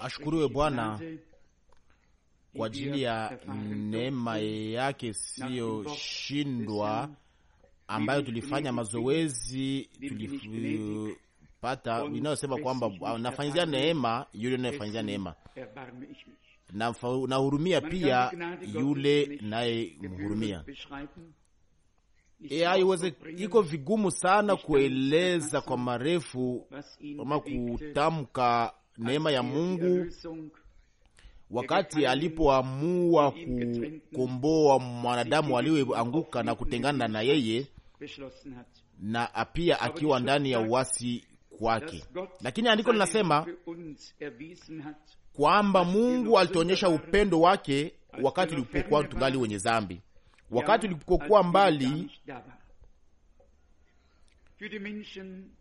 Ashukuruwe Bwana kwa ajili ya neema yake siyoshindwa ambayo tulifanya mazoezi tulipata, inayosema kwamba nafanyizia neema yule nayefanyizia neema, nahurumia pia yule naye mhurumia. E, iko vigumu sana kueleza kwa marefu ama kutamka neema ya Mungu wakati alipoamua kukomboa mwanadamu aliyeanguka na kutengana na yeye na apia akiwa ndani ya uasi kwake, lakini andiko linasema kwamba Mungu alituonyesha upendo wake wakati tulipokuwa tungali wenye zambi wakati ulipokuwa mbali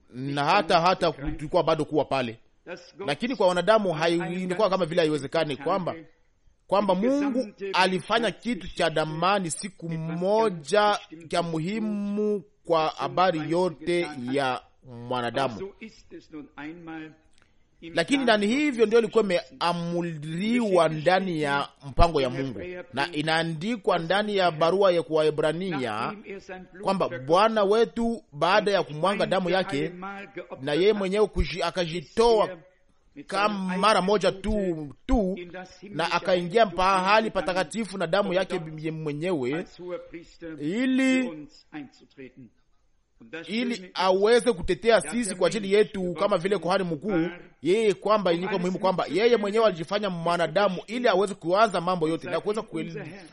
na hata hata tulikuwa bado kuwa pale, lakini kwa wanadamu ilikuwa kama vile haiwezekani kwamba kwamba Mungu alifanya kitu cha damani siku moja cha muhimu kwa habari yote ya mwanadamu lakini nani, hivyo ndio ilikuwa imeamuliwa ndani ya mpango ya Mungu, na inaandikwa ndani ya barua ya Kuwahebrania kwamba Bwana wetu baada ya kumwanga damu yake na yeye mwenyewe akajitoa kama mara moja tu tu, na akaingia pahali patakatifu na damu yake mwenyewe ili ili aweze kutetea sisi kwa ajili yetu, kama vile kohani mkuu yeye, kwamba ilikuwa muhimu kwamba yeye mwenyewe alijifanya mwanadamu ili aweze kuanza mambo yote na kuweza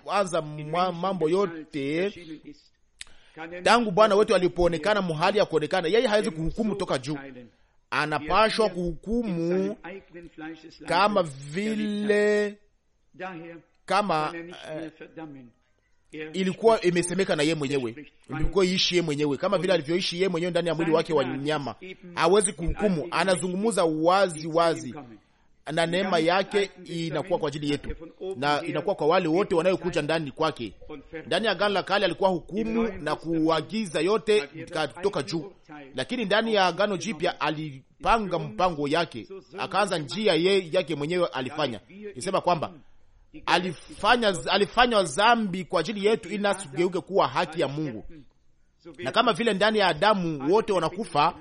kuanza mambo yote tangu Bwana wetu alipoonekana muhali ya kuonekana. Yeye hawezi kuhukumu toka juu, anapashwa kuhukumu kama vile kama uh, ilikuwa imesemeka na ye mwenyewe, ilikuwa iishi ye mwenyewe, kama vile alivyoishi ye mwenyewe ndani ya mwili wake wa nyama. Hawezi kuhukumu, anazungumza wazi wazi, na neema yake inakuwa kwa ajili yetu na inakuwa kwa wale wote wanayokuja ndani kwake. Ndani ya Agano la Kale alikuwa hukumu na kuagiza yote kutoka juu, lakini ndani ya Agano Jipya alipanga mpango yake, akaanza njia ye yake mwenyewe alifanya, isema kwamba alifanya alifanywa zambi kwa ajili yetu, ili nasi tugeuke kuwa haki ya Mungu. Na kama vile ndani ya Adamu wote wanakufa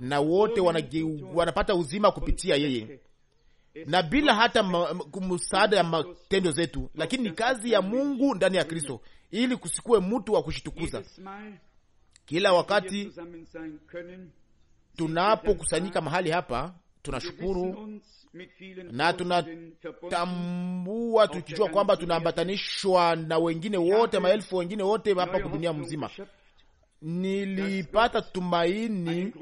na wote wanage, wanapata uzima kupitia yeye na bila hata msaada ya matendo zetu, lakini ni kazi ya Mungu ndani ya Kristo, ili kusikuwe mtu wa kushitukuza. Kila wakati tunapokusanyika mahali hapa, tunashukuru na tunatambua tukijua kwamba tunaambatanishwa na wengine wote, maelfu wengine wote hapa dunia mzima. Nilipata tumaini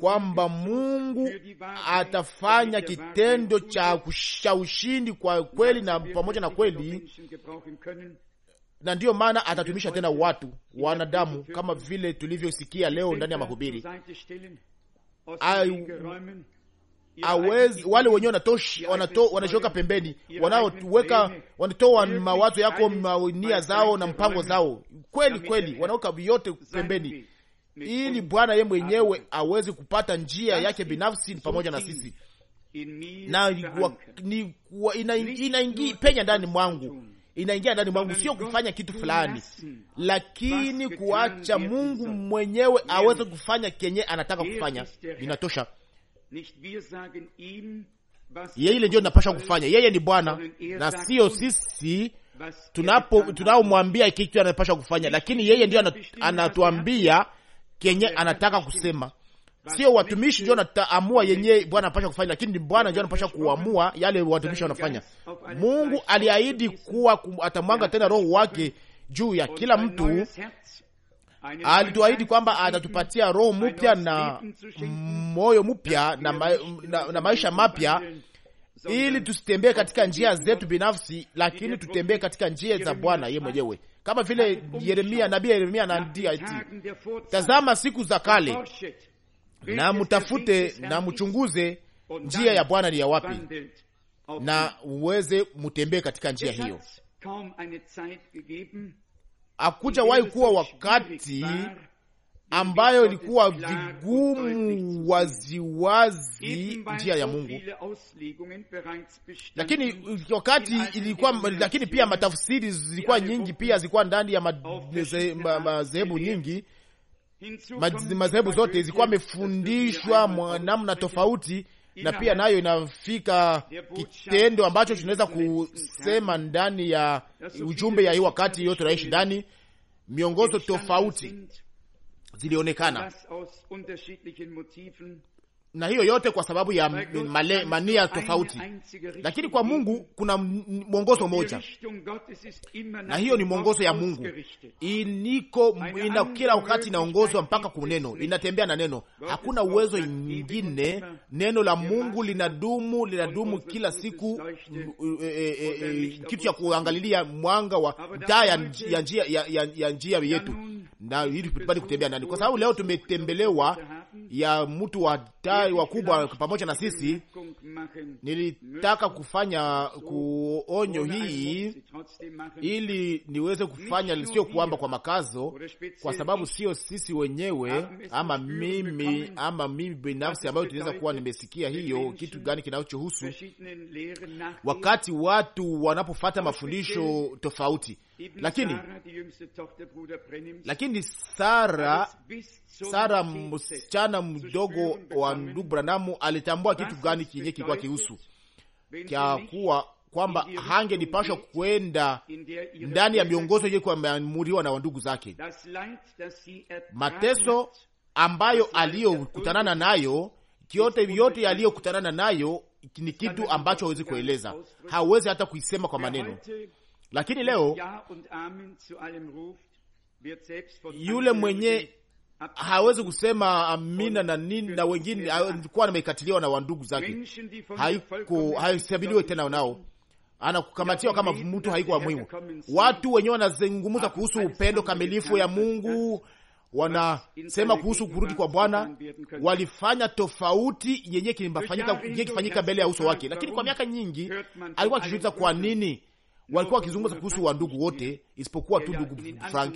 kwamba Mungu atafanya kitendo cha ushindi kwa kweli na pamoja na kweli, na ndiyo maana atatumisha tena watu wanadamu, kama vile tulivyosikia leo ndani ya mahubiri awezi, wale wenyewe wanatoshi wanashoka pembeni, wanaoweka wanatoa mawazo yako mania zao na mpango zao, kweli kweli wanaweka vyote pembeni, ili Bwana ye mwenyewe aweze kupata njia yake binafsi pamoja na sisi na inaingia penya ndani mwangu, inaingia ndani mwangu, sio kufanya kitu fulani, lakini kuacha Mungu mwenyewe aweze kufanya kenye anataka kufanya, inatosha. Yeye ile ndio napasha kufanya. Yeye ni Bwana er na sio sisi er tunapo tunaomwambia kitu anapasha kufanya, lakini yeye ndio er anatuambia kenye anataka kusema. Sio watumishi ndio anaamua yenye Bwana anapasha kufanya, lakini ni Bwana ndio anapasha kuamua yale watumishi wanafanya. Mungu aliahidi kuwa atamwanga tena roho wake juu ya kila mtu alituahidi kwamba atatupatia roho mpya na moyo mpya na, ma, na, na maisha mapya ili tusitembee katika njia zetu binafsi, lakini tutembee katika njia za Bwana ye mwenyewe, kama vile Yeremia, nabii Yeremia anaandika eti, tazama siku za kale na mtafute na mchunguze njia ya Bwana ni ya wapi, na uweze mutembee katika njia hiyo wahi kuwa wakati ambayo ilikuwa vigumu waziwazi njia ya Mungu, lakini wakati ilikuwa, lakini pia matafsiri zilikuwa nyingi, pia zilikuwa ndani ya madhehebu nyingi, madhehebu zote zilikuwa amefundishwa namna tofauti na pia nayo inafika kitendo ambacho tunaweza kusema ndani ya ujumbe ya hii wakati yote tunaishi ndani. Miongozo tofauti zilionekana na hiyo yote kwa sababu ya male, mania tofauti, lakini kwa Mungu kuna mwongozo mmoja, na hiyo ni mwongozo ya Mungu iniko ina, kila wakati inaongozwa mpaka ku neno, inatembea na neno, hakuna uwezo ingine. Neno la Mungu linadumu linadumu kila siku e, e, e, kitu cha kuangalilia mwanga wa taa ya njia ya, ya, ya, ya njia yetu, na ili tupate kutembea ndani, kwa sababu leo tumetembelewa ya mtu watai wakubwa pamoja na sisi. Nilitaka kufanya kuonyo hii ili niweze kufanya sio kuamba kwa makazo, kwa sababu sio sisi wenyewe ama mimi ama mimi binafsi ambayo tunaweza kuwa nimesikia hiyo kitu gani kinachohusu wakati watu wanapofata mafundisho tofauti lakini lakini Sara, Sara msichana mdogo wa ndugu Branamu alitambua kitu gani kinye kilikuwa kihusu kya kuwa kwamba hange nipashwa kwenda ndani ya miongozo ile kuamuriwa na wandugu zake. Mateso ambayo aliyokutanana nayo kiote yote yaliyokutanana nayo ni kitu ambacho hawezi kueleza, hawezi hata kuisema kwa maneno lakini leo yule mwenye hawezi kusema amina na nini na wengine alikuwa amekatiliwa na wandugu zake, haisabiliwe tena nao, anakukamatiwa kama mtu haiko wa muhimu. Watu wenyewe wanazungumza kuhusu upendo kamilifu ya Mungu, wanasema kuhusu kurudi kwa Bwana, walifanya tofauti yenye kifanyika mbele ya uso wake, lakini kwa miaka nyingi alikuwa akijiuliza kwa nini walikuwa wakizungumza kuhusu wandugu wote isipokuwa tu ndugu Frank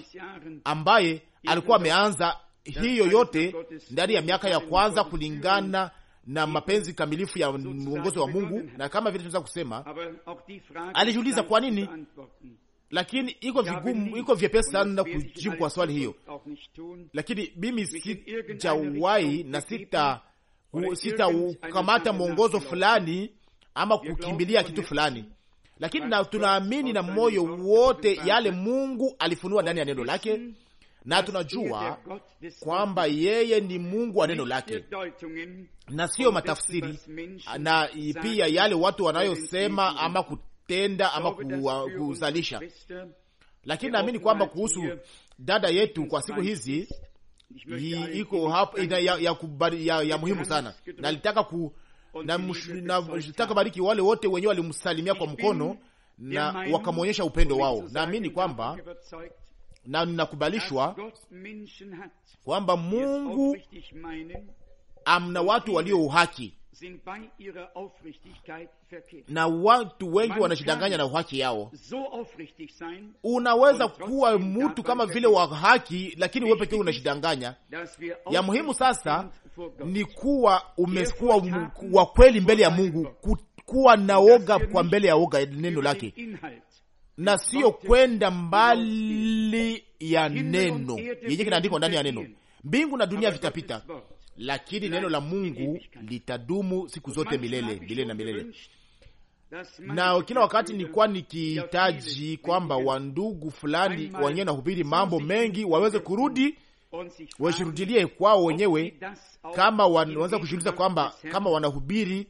ambaye alikuwa ameanza hiyo yote ndani ya miaka ya kwanza kulingana na mapenzi kamilifu ya mwongozo wa Mungu, na kama vile tunaweza kusema alijiuliza kwa nini, lakini iko vigumu, iko vyepesi sana kujibu kwa swali hiyo. Lakini mimi sijawahi na sita sitaukamata mwongozo fulani ama kukimbilia kitu fulani lakini na tunaamini na moyo wote yale Mungu alifunua ndani ya neno lake, na tunajua kwamba yeye ni Mungu wa neno lake na siyo matafsiri na pia yale watu wanayosema ama kutenda ama kuzalisha. Lakini naamini kwamba kuhusu dada yetu kwa siku hizi iko hapo ya, ya, ya, ya, ya muhimu sana, nalitaka ku nataka bariki wale wote wenye walimsalimia kwa mkono na wakamwonyesha upendo wao. Naamini kwamba na ninakubalishwa kwamba Mungu amna watu walio uhaki na watu wengi wanajidanganya na uhaki yao. unaweza kuwa mtu kama vile wa haki, lakini wewe pekee unajidanganya. Ya muhimu sasa ni kuwa umekuwa wa kweli mbele ya Mungu, kuwa na oga kwa mbele ya oga eh, neno lake na siyo kwenda mbali ya neno yenye kinaandikwa ndani ya neno. Mbingu na dunia vitapita lakini neno la Mungu litadumu siku zote milele milele na milele. Na kila wakati nilikuwa nikihitaji kwamba wandugu fulani wenyewe na hubiri mambo mengi waweze kurudi washirudilie kwao wenyewe, kama wanaweza kujiuliza kwamba kama wanahubiri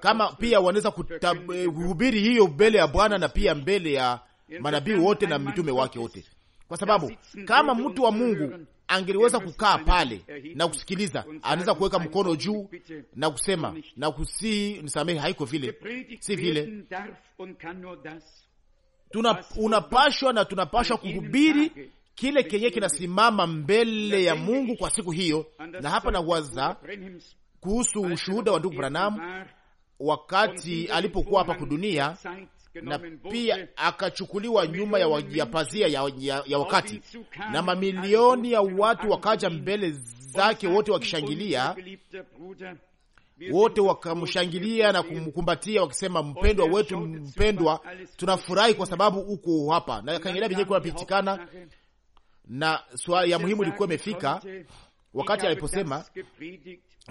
kama pia wanaweza kuhubiri eh, hiyo mbele ya Bwana na pia mbele ya manabii wote na mitume wake wote, kwa sababu kama mtu wa Mungu angeliweza kukaa pale na kusikiliza, anaweza kuweka mkono juu na kusema na kusi nisamehe, haiko vile, si vile. Tuna, unapashwa na tunapashwa kuhubiri kile kenye kinasimama mbele ya Mungu kwa siku hiyo. Na hapa nawaza kuhusu ushuhuda wa ndugu Branham wakati alipokuwa hapa kudunia na pia akachukuliwa nyuma ya, wa, ya pazia ya, ya, ya wakati, na mamilioni ya watu wakaja mbele zake, wote wakishangilia, wote wakamshangilia na kumkumbatia wakisema, mpendwa wetu mpendwa, tunafurahi kwa sababu uko hapa. Na akaangalia vyenyewe kuwa na swali ya muhimu ilikuwa imefika wakati aliposema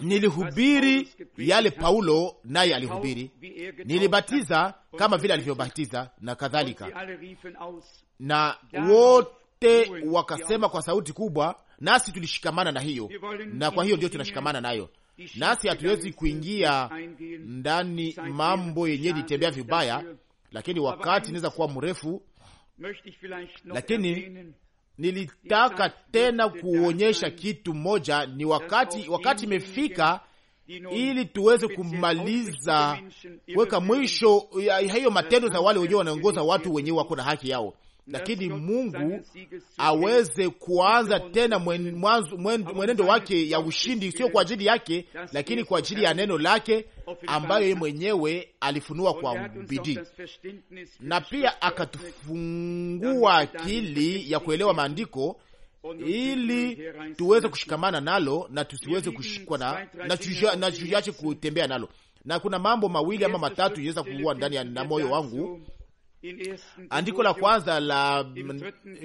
Nilihubiri yale Paulo naye alihubiri, nilibatiza kama vile alivyobatiza na kadhalika, na wote wakasema kwa sauti kubwa, nasi tulishikamana na hiyo, na kwa hiyo ndio tunashikamana nayo nasi hatuwezi kuingia ndani mambo yenye litembea vibaya, lakini wakati inaweza kuwa mrefu, lakini nilitaka tena kuonyesha kitu moja, ni wakati wakati imefika ili tuweze kumaliza kuweka mwisho hiyo matendo za wale wenyewe wanaongoza watu wenyewe wako na haki yao lakini Mungu aweze kuanza tena mwen, mwenendo wake ya ushindi, sio kwa ajili yake, lakini kwa ajili ya neno lake ambayo yeye mwenyewe alifunua kwa bidii, na pia akatufungua akili ya kuelewa maandiko ili tuweze kushikamana nalo na tusiweze kushikwa na na tuache kutembea nalo. Na kuna mambo mawili ama matatu iweza kuua ndani ya moyo wangu Andiko la kwanza la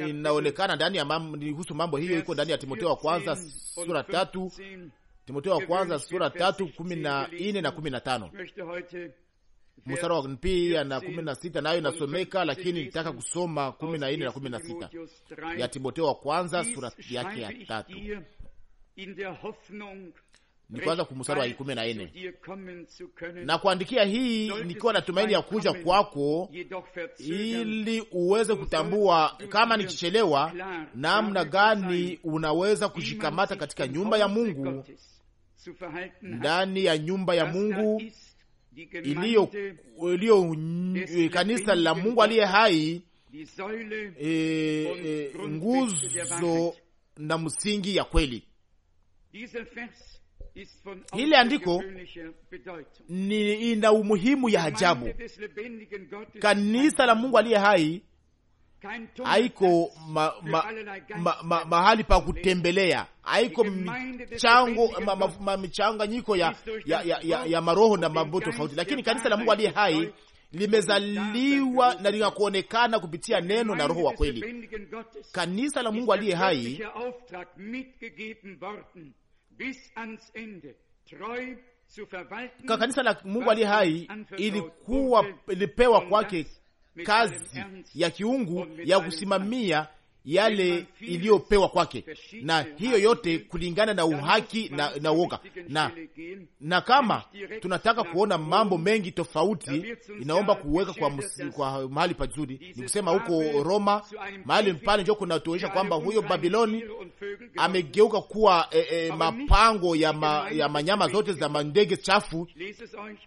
inaonekana ndani ya mam, husu mambo hiyo iko ndani ya Timoteo wa kwanza sura tatu, Timoteo wa kwanza sura tatu kumi na nne na kumi na tano mstari wa pia na kumi na sita nayo inasomeka, lakini nitaka kusoma kumi na nne na kumi na sita ya Timoteo wa kwanza sura yake ya tatu ni kwanza kumsara wa kumi na nne na kuandikia hii nikiwa na tumaini ya kuja kwako, ili uweze kutambua kama nikichelewa, namna gani unaweza kushikamata katika nyumba ya Mungu, ndani ya nyumba ya Mungu iliyo iliyo kanisa la Mungu aliye hai, e, e, nguzo na msingi ya kweli. Hili andiko ni ina umuhimu ya ajabu. Kanisa la Mungu aliye hai haiko ma, ma, ma, ma, mahali pa kutembelea, haiko michanganyiko ya, ya, ya, ya, ya maroho na mambo tofauti, lakini kanisa la Mungu aliye hai limezaliwa na linakuonekana kupitia neno na Roho wa kweli. Kanisa la Mungu aliye hai kwa kanisa la Mungu aliye hai ilikuwa ilipewa kwake kazi ya kiungu ya kusimamia yale iliyopewa kwake, na hiyo yote kulingana na uhaki na, na uoga na, na kama tunataka kuona mambo mengi tofauti, inaomba kuweka kwa, kwa mahali pazuri. Ni kusema huko Roma mahali pale njo kunatuonyesha kwamba huyo Babiloni amegeuka kuwa e, e, mapango ya, ma, ya manyama zote za mandege chafu,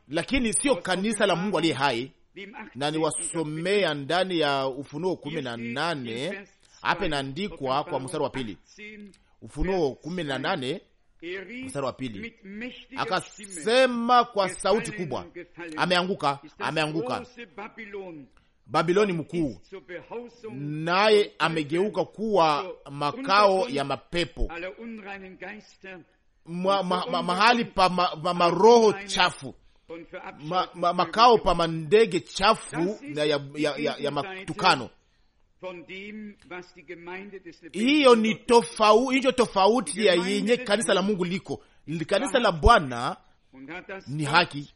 lakini sio kanisa la Mungu aliye hai na niwasomea ndani ya Ufunuo kumi na nane hapa inaandikwa kwa mstari wa pili, Ufunuo kumi nane mstari wa pili, akasema kwa sauti kubwa, ameanguka, ameanguka Babiloni mkuu, naye amegeuka kuwa makao ya mapepo ma, ma, ma, mahali pa ma, ma, maroho chafu ma, ma, makao pa mandege chafu ya, ya, ya, ya matukano hiyo ni tofau, hiyo tofauti ya yenye kanisa la Mungu liko. Kanisa la Bwana ni haki,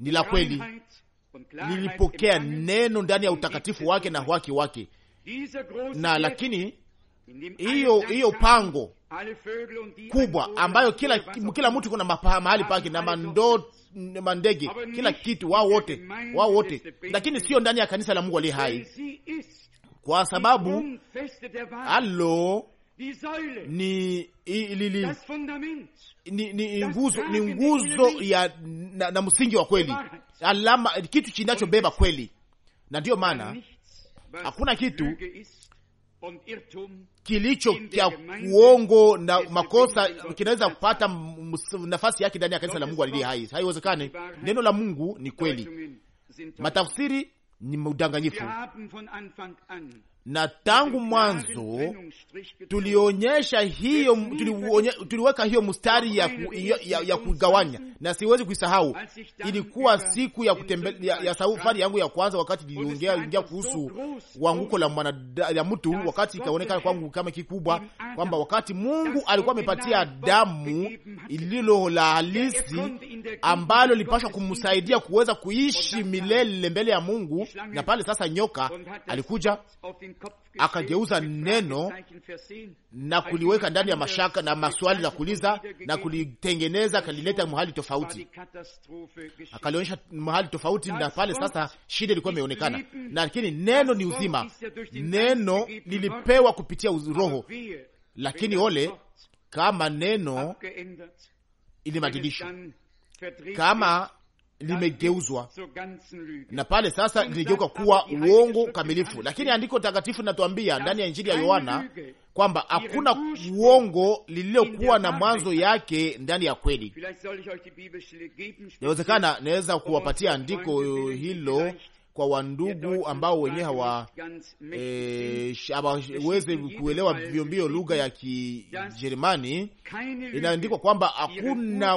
ni la kweli, lilipokea neno ndani ya utakatifu wake na haki wake, na lakini hiyo hiyo pango kubwa ambayo kila kila mtu kuna mahali pake na mando, mandege kila kitu wao wote wao wote, lakini sio ndani ya kanisa la Mungu aliye hai kwa sababu alo ni ni nguzo ni nguzo ya na, na msingi wa kweli, alama kitu kinachobeba kweli, na ndiyo maana hakuna kitu kilicho cha uongo na makosa kinaweza kupata nafasi yake ndani ya kanisa la Mungu aliye hai. Haiwezekani. Neno la Mungu ni kweli, matafsiri ni maudanganyifu na tangu mwanzo tulionyesha hiyo, tuliweka hiyo mstari ya, ku, ya, ya, ya kugawanya, na siwezi kuisahau. Ilikuwa siku ya kutembe, ya, ya safari yangu ya kwanza, wakati niliongea ingia kuhusu wanguko la mwana ya mtu, wakati ikaonekana kwangu kama kikubwa, kwamba wakati Mungu alikuwa amepatia damu ililo la halisi ambalo lipashwa kumsaidia kuweza kuishi milele mbele ya Mungu, na pale sasa nyoka alikuja akageuza neno na kuliweka ndani ya mashaka na maswali za kuuliza na kulitengeneza, akalileta mahali tofauti, akalionyesha mahali tofauti, na pale sasa shida ilikuwa imeonekana. Lakini neno ni uzima, neno lilipewa kupitia Roho, lakini ole kama neno ilibadilishwa kama limegeuzwa na pale sasa liligeuka kuwa uongo kamilifu. Lakini andiko takatifu linatuambia ndani ya Injili ya Yohana kwamba hakuna uongo lililokuwa na mwanzo yake ndani ya kweli. Inawezekana naweza um kuwapatia andiko hilo kwa wandugu ambao wenyewe eh, hawaweze e, kuelewa vyombio lugha ya Kijerumani. Inaandikwa kwamba hakuna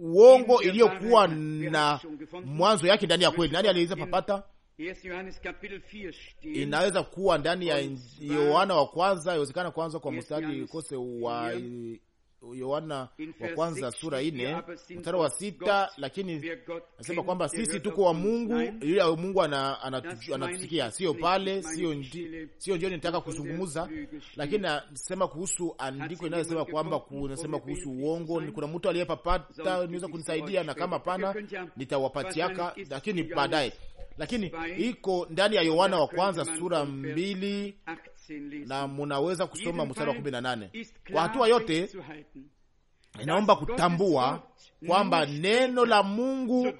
uongo iliyokuwa na mwanzo yake ndani ya kweli. Nani aliweza papata? Inaweza kuwa ndani ya Yohana wa kwanza, iwezekana kwanza kwa mstari kose wa Yohana wa kwanza sura ine mstari wa sita, lakini nasema kwamba sisi tuko wa Mungu, yule Mungu anatusikia. Sio pale, sio ndio nitaka kuzungumuza, lakini nasema kuhusu andiko inayosema kwamba kunasema kuhusu uongo. Kuna mtu aliyepapata niweza kunisaidia, na kama pana nitawapatiaka, lakini baadaye lakini iko ndani ya Yohana wa kwanza sura mbili na munaweza kusoma mstari wa kumi na nane. Kwa hatua yote inaomba kutambua kwamba neno la Mungu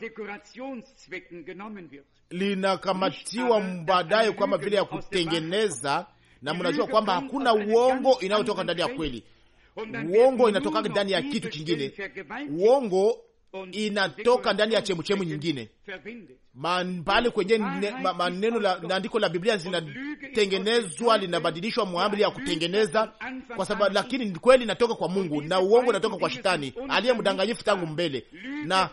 linakamatiwa baadaye kama vile ya kutengeneza, na mnajua kwamba hakuna uongo inayotoka ndani ya kweli. Uongo inatoka ndani ya kitu kingine. Uongo inatoka ndani ya chemuchemu nyingine. Pale kwenye maneno la andiko la Biblia zinatengenezwa, linabadilishwa muamili ya kutengeneza kwa sababu, lakini kweli inatoka kwa Mungu na uongo inatoka kwa shetani aliye mdanganyifu tangu mbele, na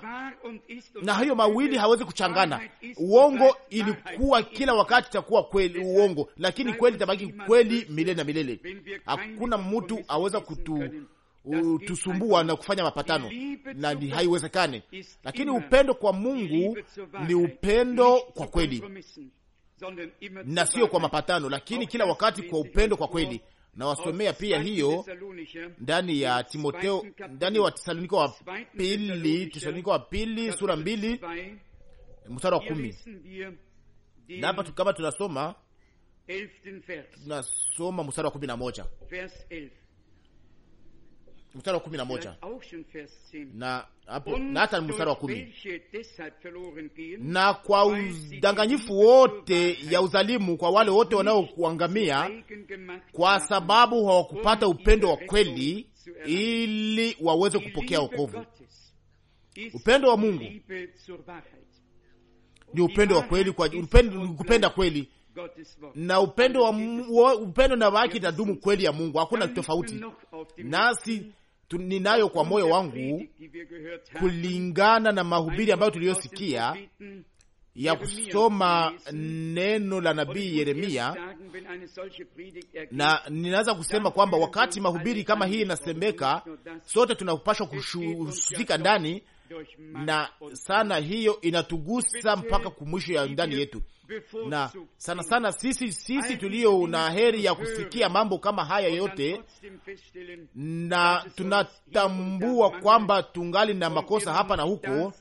na hiyo mawili hawezi kuchangana. Uongo ilikuwa kila wakati itakuwa kweli uongo, lakini kweli itabaki kweli milele na milele. Hakuna mtu aweza kutu hutusumbua na kufanya mapatano, na ni haiwezekani Lakini upendo kwa Mungu ni upendo kwa kweli na sio kwa mapatano, lakini kila wakati kwa upendo kwa kweli. nawasomea pia hiyo ndani ya Timoteo, ndani wa Wathesalonike wa pili, Thesalonike wa pili sura mbili mstari wa kumi. Na hapa kama tunasoma tunasoma mstari wa kumi na moja mstari wa kumi na moja na hapo na hata mstari wa kumi na kwa udanganyifu wote ya uzalimu kwa wale wote wanaokuangamia, kwa sababu hawakupata upendo wa kweli ili waweze kupokea wokovu. Upendo wa Mungu eh, ni upendo wa kweli, kwa upendo, kupenda kweli na upendo wa upendo na haki itadumu kweli ya Mungu, hakuna tofauti nasi ninayo kwa moyo wangu kulingana na mahubiri ambayo tuliyosikia ya kusoma neno la nabii Yeremia, na ninaweza kusema kwamba wakati mahubiri kama hii inasemeka, sote tunapashwa kushusika ndani na sana hiyo inatugusa mpaka kumwisho ya ndani yetu, na sana sana sisi sisi tulio na heri ya kusikia mambo kama haya yote, na tunatambua kwamba tungali na makosa hapa na huko,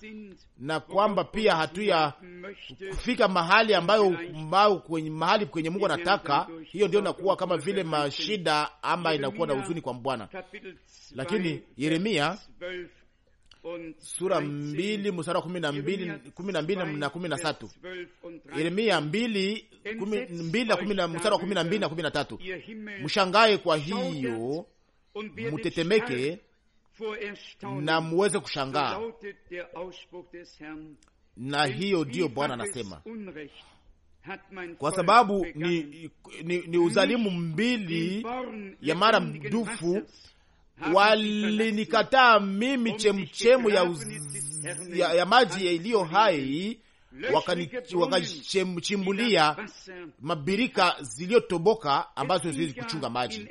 na kwamba pia hatuya kufika mahali ambayo mbao kwenye mahali kwenye Mungu anataka. Hiyo ndio inakuwa kama vile mashida ama inakuwa na huzuni kwa Bwana. Lakini Yeremia sura mbili mstari wa kumi na mbili kumi na mbili na kumi na tatu Yeremia mbili mbili na kumi na mstari wa kumi na mbili na kumi na tatu Mshangae kwa hiyo mutetemeke na muweze kushangaa, na hiyo ndiyo Bwana anasema kwa sababu ni, ni, ni uzalimu mbili ya mara mdufu walinikataa mimi chemchemu ya, ya, ya maji iliyo hai wakachimbulia waka mabirika ziliyotoboka ambazo ziwezi kuchunga maji.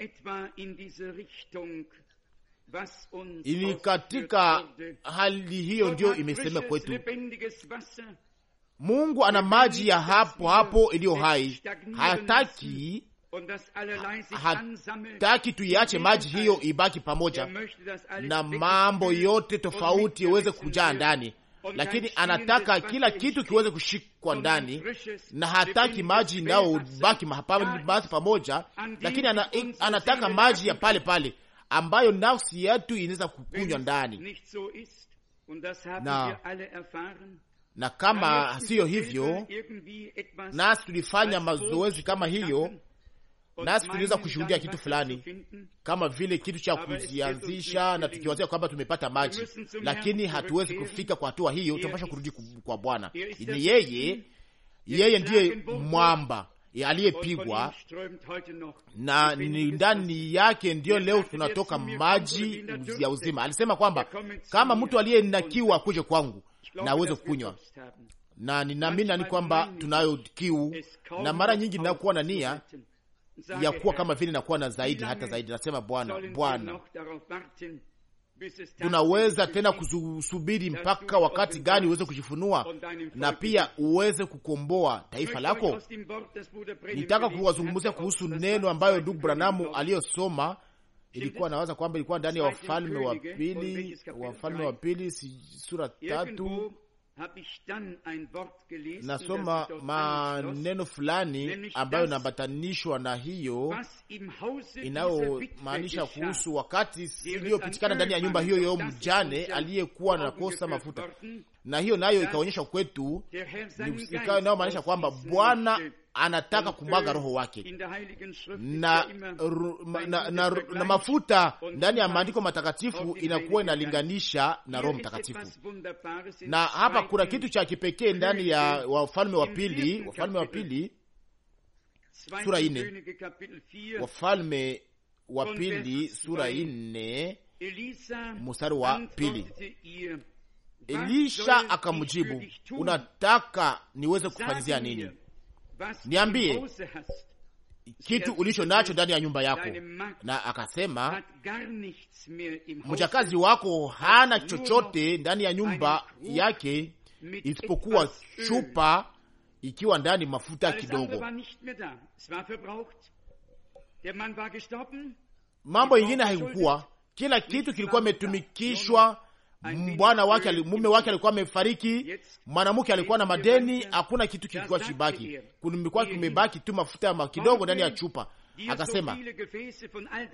ni katika hali hiyo ndiyo imesema kwetu, Mungu ana maji ya hapo hapo iliyo hai, hataki hataki tuiache maji hiyo ibaki pamoja er na mambo yote um tofauti iweze kujaa ndani, lakini anataka kila kitu kiweze kushikwa um ndani, na hataki maji nayo mahali pamoja, lakini ana, anataka maji ya pale pale ambayo nafsi yetu inaweza kukunywa ndani na na kama siyo hivyo, nasi tulifanya mazoezi kama hiyo nasi tuliweza kushuhudia kitu fulani kama vile kitu cha kuzianzisha, na tukiwazia kwamba tumepata maji, lakini hatuwezi kufika kwa hatua hiyo. Tunapasha kurudi kwa Bwana. Ni yeye, yeye ndiye mwamba aliyepigwa na ni ndani yake ndiyo leo tunatoka maji ya uzima. Alisema kwamba kama mtu kiu akuje kwangu na aweze kukunywa, na ninaamini ni kwamba tunayo kiu, na mara nyingi ninakuwa na nia ya kuwa kama vile nakuwa na zaidi hata zaidi. Nasema Bwana, Bwana, tunaweza tena kusubiri mpaka wakati gani uweze kujifunua na pia uweze kukomboa taifa lako? Nitaka kuwazungumzia kuhusu neno ambayo ndugu Branamu aliyosoma ilikuwa nawaza kwamba ilikuwa ndani ya Wafalme wa Pili, Wafalme wa Pili sura tatu nasoma maneno fulani ambayo inaambatanishwa na hiyo inayomaanisha kuhusu wakati iliyopitikana ndani ya nyumba hiyo yo mjane aliyekuwa na kosa mafuta, na hiyo nayo ikaonyesha kwetu, inayomaanisha kwamba Bwana anataka kumwaga roho wake na, na, na, na, na mafuta ndani ya maandiko matakatifu inakuwa inalinganisha na Roho Mtakatifu. Na hapa kuna kitu cha kipekee ndani ya Wafalme wa Pili, Wafalme wa Pili sura ine, Wafalme wa Pili sura ine mstari wa pili. Elisha akamjibu, unataka niweze kufanyizia nini? niambie kitu ulicho nacho ndani ya nyumba yako. Na akasema mchakazi wako hana chochote ndani ya nyumba yake isipokuwa chupa ikiwa ndani mafuta kidogo. Mambo ingine haikukuwa, kila kitu kilikuwa imetumikishwa bwana wake, eh, mume wake alikuwa amefariki, mwanamke alikuwa na madeni, hakuna kitu kilikuwa chibaki kulikuwa kumebaki tu mafuta kidogo ndani ya chupa akasema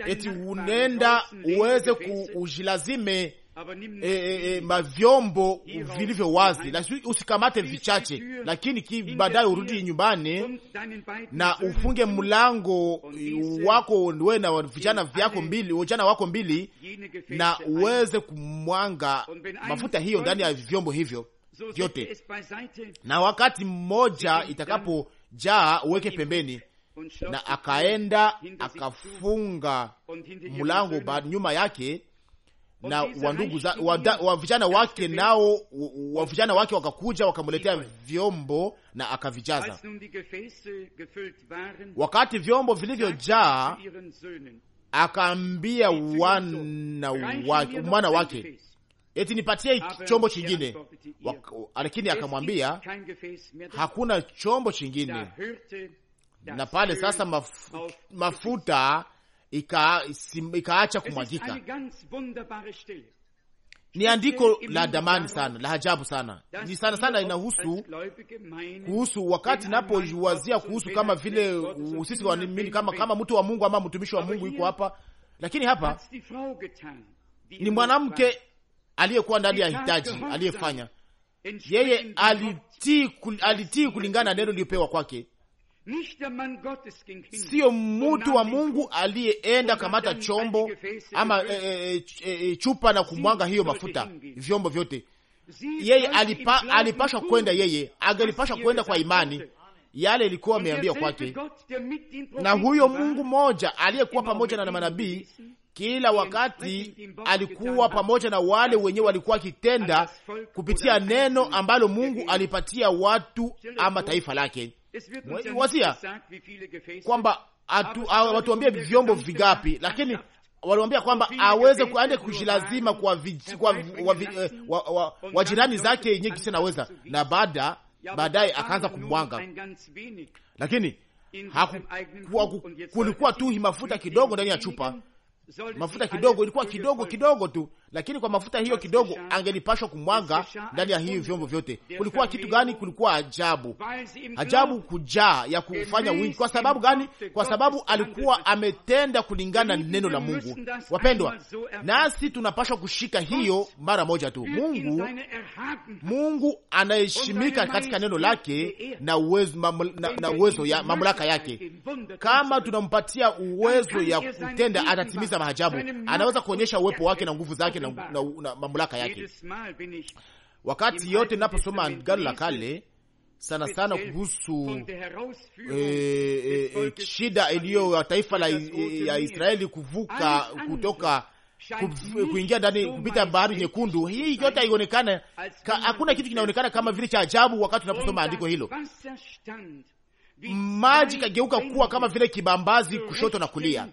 eti unenda uweze kuujilazime e, e, mavyombo vilivyo wazi, lakini usikamate vichache, lakini ki baadaye urudi nyumbani na ufunge mlango wako we na vijana vyako mbili, vijana wako mbili, na uweze kumwanga mafuta hiyo ndani ya vyombo hivyo vyote, na wakati mmoja itakapojaa uweke pembeni na akaenda akafunga mlango nyuma yake na wandugu za wa vijana wake nao wa vijana wake wakakuja wakamletea vyombo na akavijaza. Wakati vyombo vilivyojaa, akaambia wana wake, mwana wake eti nipatie er chombo chingine, lakini akamwambia hakuna chombo chingine na pale sasa mafuta ika, ikaacha kumwagika. Ni andiko la damani sana la ajabu sana, ni sana sana inahusu kuhusu wakati napoiwazia kuhusu kama vile sisi waamini kama, kama mtu wa Mungu ama mtumishi wa Mungu yuko hapa, lakini hapa ni mwanamke aliyekuwa ndani ya hitaji aliyefanya yeye alitii, alitii kulingana na neno liliopewa kwake. Sio mtu wa Mungu aliyeenda kamata chombo ama e, e, chupa na kumwaga hiyo mafuta vyombo vyote. Yeye alipa, alipashwa kwenda, yeye angelipashwa kwenda kwa imani yale ilikuwa ameambia er kwake na huyo Mungu mmoja aliyekuwa pamoja na manabii kila er wakati, alikuwa pamoja na wale wenyewe walikuwa akitenda kupitia neno ambalo Mungu alipatia watu ama taifa lake wasia kwamba watuambie vyombo vingapi, lakini waliwambia kwamba aweze aende kujilazima kwa wajirani eh, zake yenyewe, kisi naweza na baada baadaye akaanza kumwanga, lakini kulikuwa tu mafuta kidogo ndani ya chupa, mafuta kidogo, ilikuwa kidogo kidogo tu, lakini kwa mafuta hiyo kidogo angelipashwa kumwaga ndani ya hivi vyombo vyote. Kulikuwa kitu gani? Kulikuwa ajabu, ajabu kujaa ya kufanya wingi. Kwa sababu gani? Kwa sababu alikuwa ametenda kulingana na neno la Mungu. Wapendwa, nasi tunapashwa kushika hiyo mara moja tu. Mungu, Mungu anaheshimika katika neno lake na uwezo, na, na uwezo ya mamlaka yake. Kama tunampatia uwezo ya kutenda, atatimiza maajabu, anaweza kuonyesha uwepo wake na nguvu zake yake na, na, na mamlaka yake. Wakati yote naposoma Agano la Kale sana sana kuhusu e, e, e, shida iliyo ya taifa la ya Israeli kuvuka kutoka eh, kuingia ndani kupita bahari nyekundu. Hii yote haionekana, hakuna kitu kinaonekana kama vile cha ajabu. Wakati unaposoma andiko hilo, maji kageuka kuwa kama vile kibambazi kushoto na kulia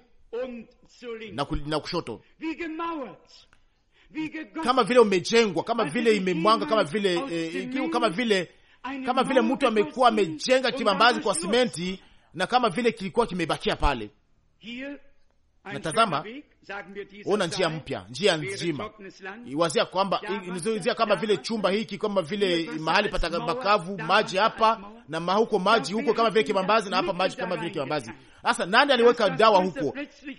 na kushoto kama vile umejengwa, kama vile imemwanga, kama vile eh, eh kama vile kama vile mtu amekuwa amejenga kibambazi kwa simenti, na kama vile kilikuwa kimebakia pale natazama ona njia mpya, njia nzima, wazia kwamba wazia kama vile chumba hiki, kama vile mahali patapakavu, maji hapa na mahuko maji huko, kama vile kibambazi, na hapa maji kama vile kibambazi. Sasa nani aliweka dawa huko?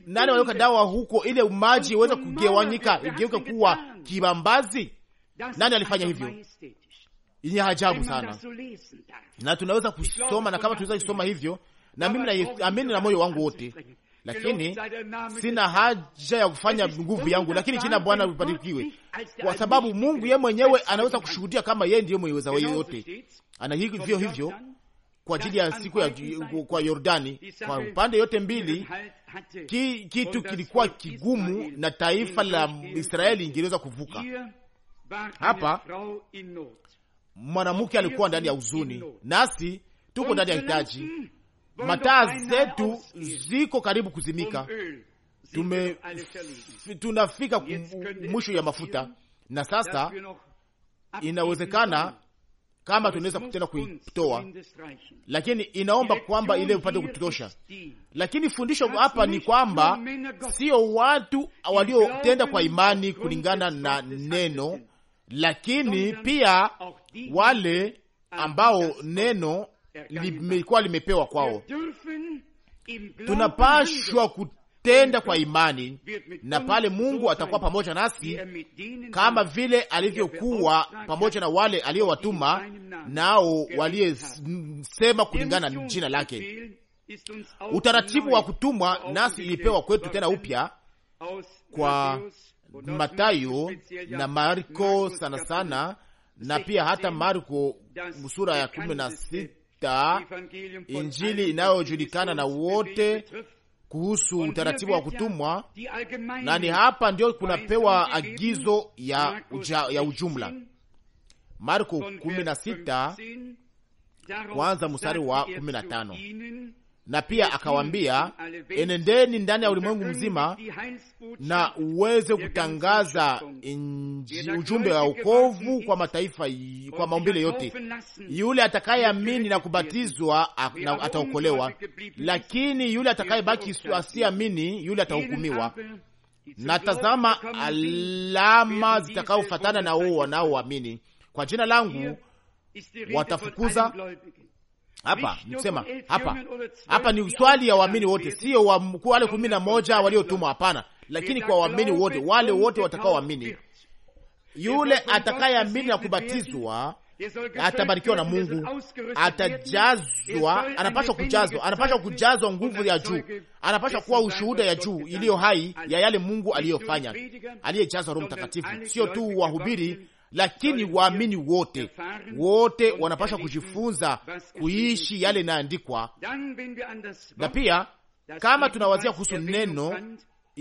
Nani aliweka dawa huko ile maji iweze kugewanyika igeuke kuwa kibambazi? Nani alifanya hivyo? Ni ajabu sana, na tunaweza kusoma na kama tunaweza kusoma hivyo, na mimi naamini na moyo wangu wote lakini sina haja ya kufanya nguvu yangu, lakini jina Bwana libarikiwe, kwa sababu Mungu yeye mwenyewe anaweza kushuhudia kama yeye ndiye mweza yote. Ana hivyo hivyo kwa ajili ya siku ya kwa Yordani, kwa upande yote mbili ki, kitu kilikuwa kigumu na taifa la Israeli ingeweza kuvuka. Hapa mwanamke alikuwa ndani ya huzuni, nasi tuko ndani ya hitaji mataa zetu ziko karibu kuzimika, tume tunafika mwisho ya mafuta, na sasa inawezekana kama tunaweza tena kuitoa, lakini inaomba kwamba ile upate kutosha. Lakini fundisho hapa ni kwamba sio watu waliotenda kwa imani kulingana na neno, lakini pia wale ambao neno limekuwa limepewa kwao. Tunapashwa kutenda kwa imani, na pale Mungu atakuwa pamoja nasi kama vile alivyokuwa pamoja na wale aliyowatuma, nao waliyesema kulingana na jina lake. Utaratibu wa kutumwa nasi ilipewa kwetu tena upya kwa Matayo na Marko sana sana, na pia hata Marko sura ya kumi na sita Injili inayojulikana na wote kuhusu utaratibu wa kutumwa, na ni hapa ndio kunapewa agizo ya, uja, ya ujumla. Marko 16 kwanza mstari wa 15 na pia akawaambia, enendeni ndani ya ulimwengu mzima na uweze kutangaza inji, ujumbe wa wokovu kwa mataifa, kwa maumbile yote. Yule atakayeamini na kubatizwa ataokolewa, lakini yule atakayebaki asiamini, yule atahukumiwa. Na tazama alama zitakaofatana na uo wanaoamini, kwa jina langu watafukuza hapa msema hapa hapa ni swali ya waamini wote, sio wale kumi na moja waliotumwa. Hapana, lakini kwa waamini wote, wale wote watakaoamini. Yule atakayeamini na kubatizwa atabarikiwa na Mungu, atajazwa, er anapaswa kujazwa, anapaswa kujazwa nguvu ya juu, anapaswa kuwa ushuhuda ya juu iliyo hai ya yale Mungu aliyofanya, aliyejazwa Roho Mtakatifu, sio tu wahubiri lakini waamini wote wote wanapasha kujifunza kuishi yale inayoandikwa, na pia kama tunawazia kuhusu neno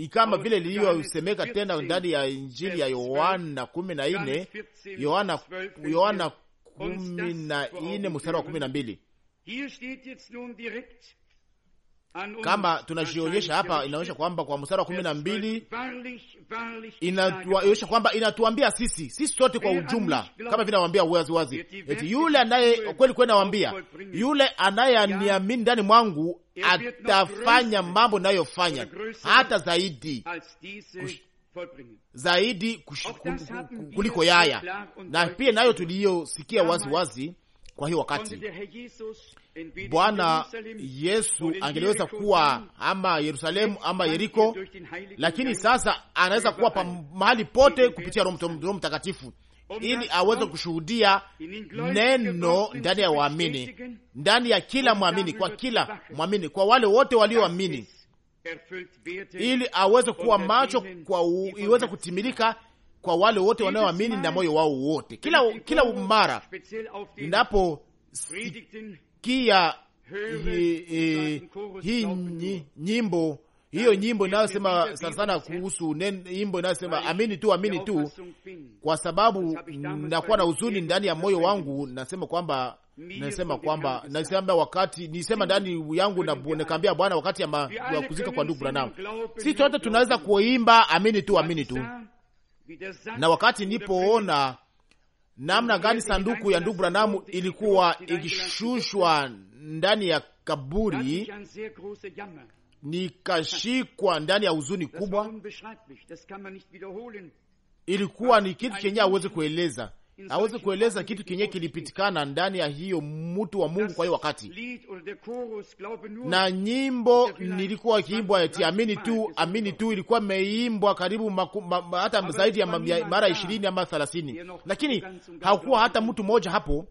kama vile liliyosemeka tena ndani ya Injili ya Yohana kumi na nne Yohana Yohana kumi na nne mstari wa kumi na mbili kama tunajionyesha hapa, inaonyesha kwamba kwa mstari wa kumi na mbili inaonyesha kwamba inatuambia sisi sisi sote kwa ujumla, kama vile nawambia wazi wazi, eti yule anaye kweli kweli, nawambia yule anayeniamini ndani mwangu atafanya mambo inayofanya hata zaidi zaidi kuliko yaya, na pia nayo tuliyosikia wazi wazi. Kwa hiyo wakati Bwana Yesu angeliweza kuwa ama Yerusalemu ama Yeriko, lakini sasa anaweza kuwa pa mahali pote kupitia Roho Mtakatifu ili aweze kushuhudia neno ndani ya waamini, ndani ya kila mwamini, kwa kila mwamini, kwa wale wote walioamini, ili aweze kuwa macho kwa iweze kutimilika kwa wale wote wanaoamini na moyo wao wote. Kila kila mara ninapo kia hii hi, hi, hi, nyimbo hiyo nyimbo inayosema sana sana kuhusu nyimbo inayosema amini tu amini tu, kwa sababu nakuwa na huzuni ndani ya moyo wangu, nasema kwamba nasema kwamba nasema wakati nisema ndani yangu na nikaambia Bwana wakati ya, ma, ya kuzika kwa ndugu Branham, si sote tunaweza kuimba amini tu amini tu, na wakati nipoona namna gani sanduku ya ndugu Branamu ilikuwa ikishushwa ndani ya kaburi, nikashikwa ndani ya huzuni kubwa. Ilikuwa ni kitu chenye aweze kueleza aweze kueleza kitu kenye kilipitikana ndani ya hiyo mtu wa Mungu kwa hiyo wakati. Na nyimbo nilikuwa kiimbwa eti amini tu, amini tu, ilikuwa imeimbwa karibu maku, ma, ma, hata zaidi ya mara ishirini ama thelathini, lakini hakuwa hata mtu mmoja hapo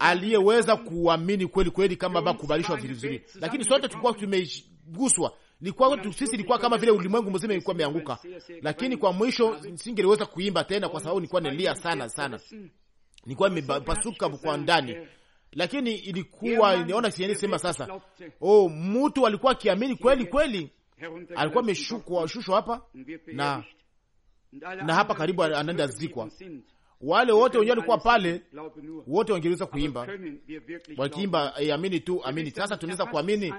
aliyeweza kuamini kweli kweli kama bakubalishwa vizuri, lakini sote tulikuwa tumeguswa Ilikuwa sisi ilikuwa kama vile ulimwengu mzima ilikuwa imeanguka, lakini kwa mwisho singeweza kuimba tena, kwa sababu nilikuwa nilia sana sana, nilikuwa nimepasuka kwa ndani lakini ilikuwa niona sieni sema sasa, oh, mtu alikuwa akiamini kweli kweli, alikuwa ameshukwa shushwa hapa na na hapa karibu anaenda zikwa. Wale wote wenyewe walikuwa pale, wote wangeweza kuimba, wakiimba hey, eh, amini tu amini. Sasa tunaweza kuamini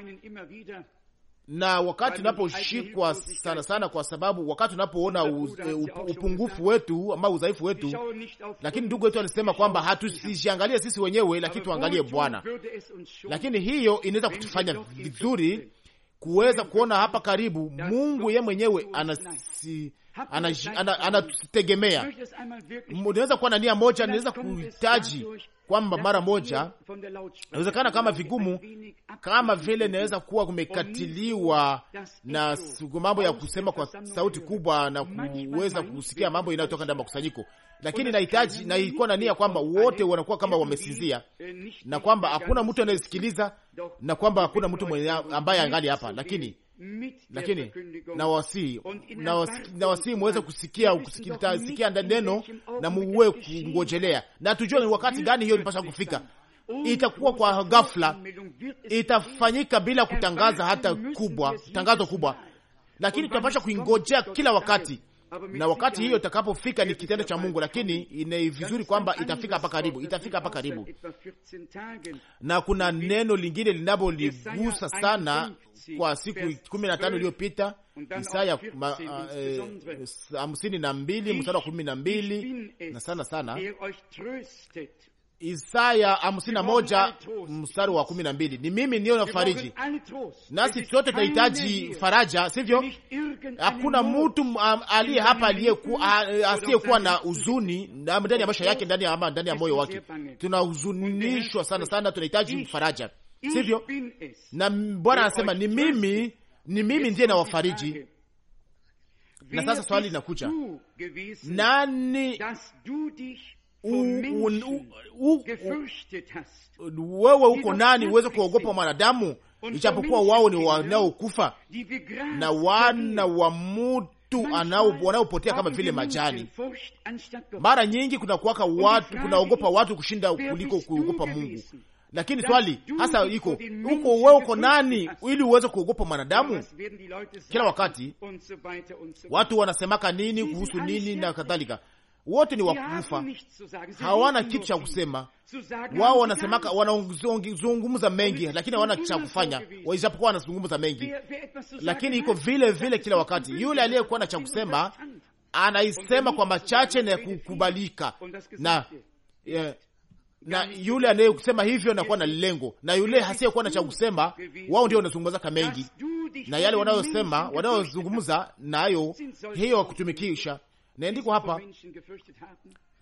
na wakati unaposhikwa sana sana, kwa sababu wakati unapoona upungufu wetu ama udhaifu wetu. Lakini ndugu wetu alisema kwamba hatusijiangalie sisi wenyewe, lakini tuangalie Bwana. Lakini hiyo inaweza kutufanya vizuri kuweza kuona hapa karibu Mungu ye mwenyewe anasi anatutegemea ana, ana unaweza kuwa na nia moja, naweza kuhitaji kwamba mara moja, inawezekana kama vigumu, kama vile inaweza kuwa kumekatiliwa na mambo ya kusema kwa sauti kubwa na kuweza kusikia mambo inayotoka ndani ya makusanyiko, lakini nahitaji naikuwa na nia kwamba wote wanakuwa kama wamesinzia, na kwamba hakuna mtu anayesikiliza, na kwamba hakuna mtu ambaye angali hapa, lakini lakini nawasii nawasii muweze kusikia kusikia ndani neno na muwe kungojelea, na tujue ni wakati gani hiyo inapasha kufika. Itakuwa kwa ghafla, itafanyika bila kutangaza hata kubwa tangazo kubwa, lakini tunapasha kuingojea kila wakati na wakati hiyo itakapofika ni kitendo cha Mungu, lakini ni vizuri kwamba itafika hapa karibu, itafika hapa karibu. Na kuna neno lingine linavoligusa sana kwa siku kumi na tano iliyopita, Isaya uh, eh, hamsini na mbili mstari wa kumi na mbili na sana sana Isaya hamsini na moja mstari wa kumi na mbili ni mimi niyo fariji. nasi sote tunahitaji faraja, sivyo? Hakuna mtu um, aliye hapa asiyekuwa na huzuni ndani ya maisha yake, ndani ya ama ndani ya moyo wake. Tunahuzunishwa sana sana, tunahitaji faraja, sivyo? Na Bwana anasema ni mimi, ni mimi ndiye wafariji Na sasa swali linakuja, nani wewe uko nani uweze kuogopa mwanadamu, ichapokuwa wao ni wanaokufa na wana wa mutu wanaopotea kama vile majani. Mara nyingi kunakuwaka watu kunaogopa watu kushinda kuliko kuogopa Mungu. Lakini swali hasa iko uko wewe, uko nani ili uweze kuogopa mwanadamu? Kila wakati watu wanasemaka nini kuhusu nini na kadhalika, wote ni wakufa, hawana kitu cha kusema. Wao wanasemaka, wanazungumza mengi, lakini hawana cha kufanya, waijapokuwa wanazungumza mengi, lakini iko vile vile kila wakati. Yule aliyekuwa na cha kusema anaisema kwa machache na kukubalika na yeah, eh, na yule anayekusema hivyo anakuwa na lengo, na yule hasiyekuwa na cha kusema, wao ndio wanazungumzaka mengi, na yale wanayosema wanayozungumza nayo hiyo wakutumikisha Naandikwa hapa,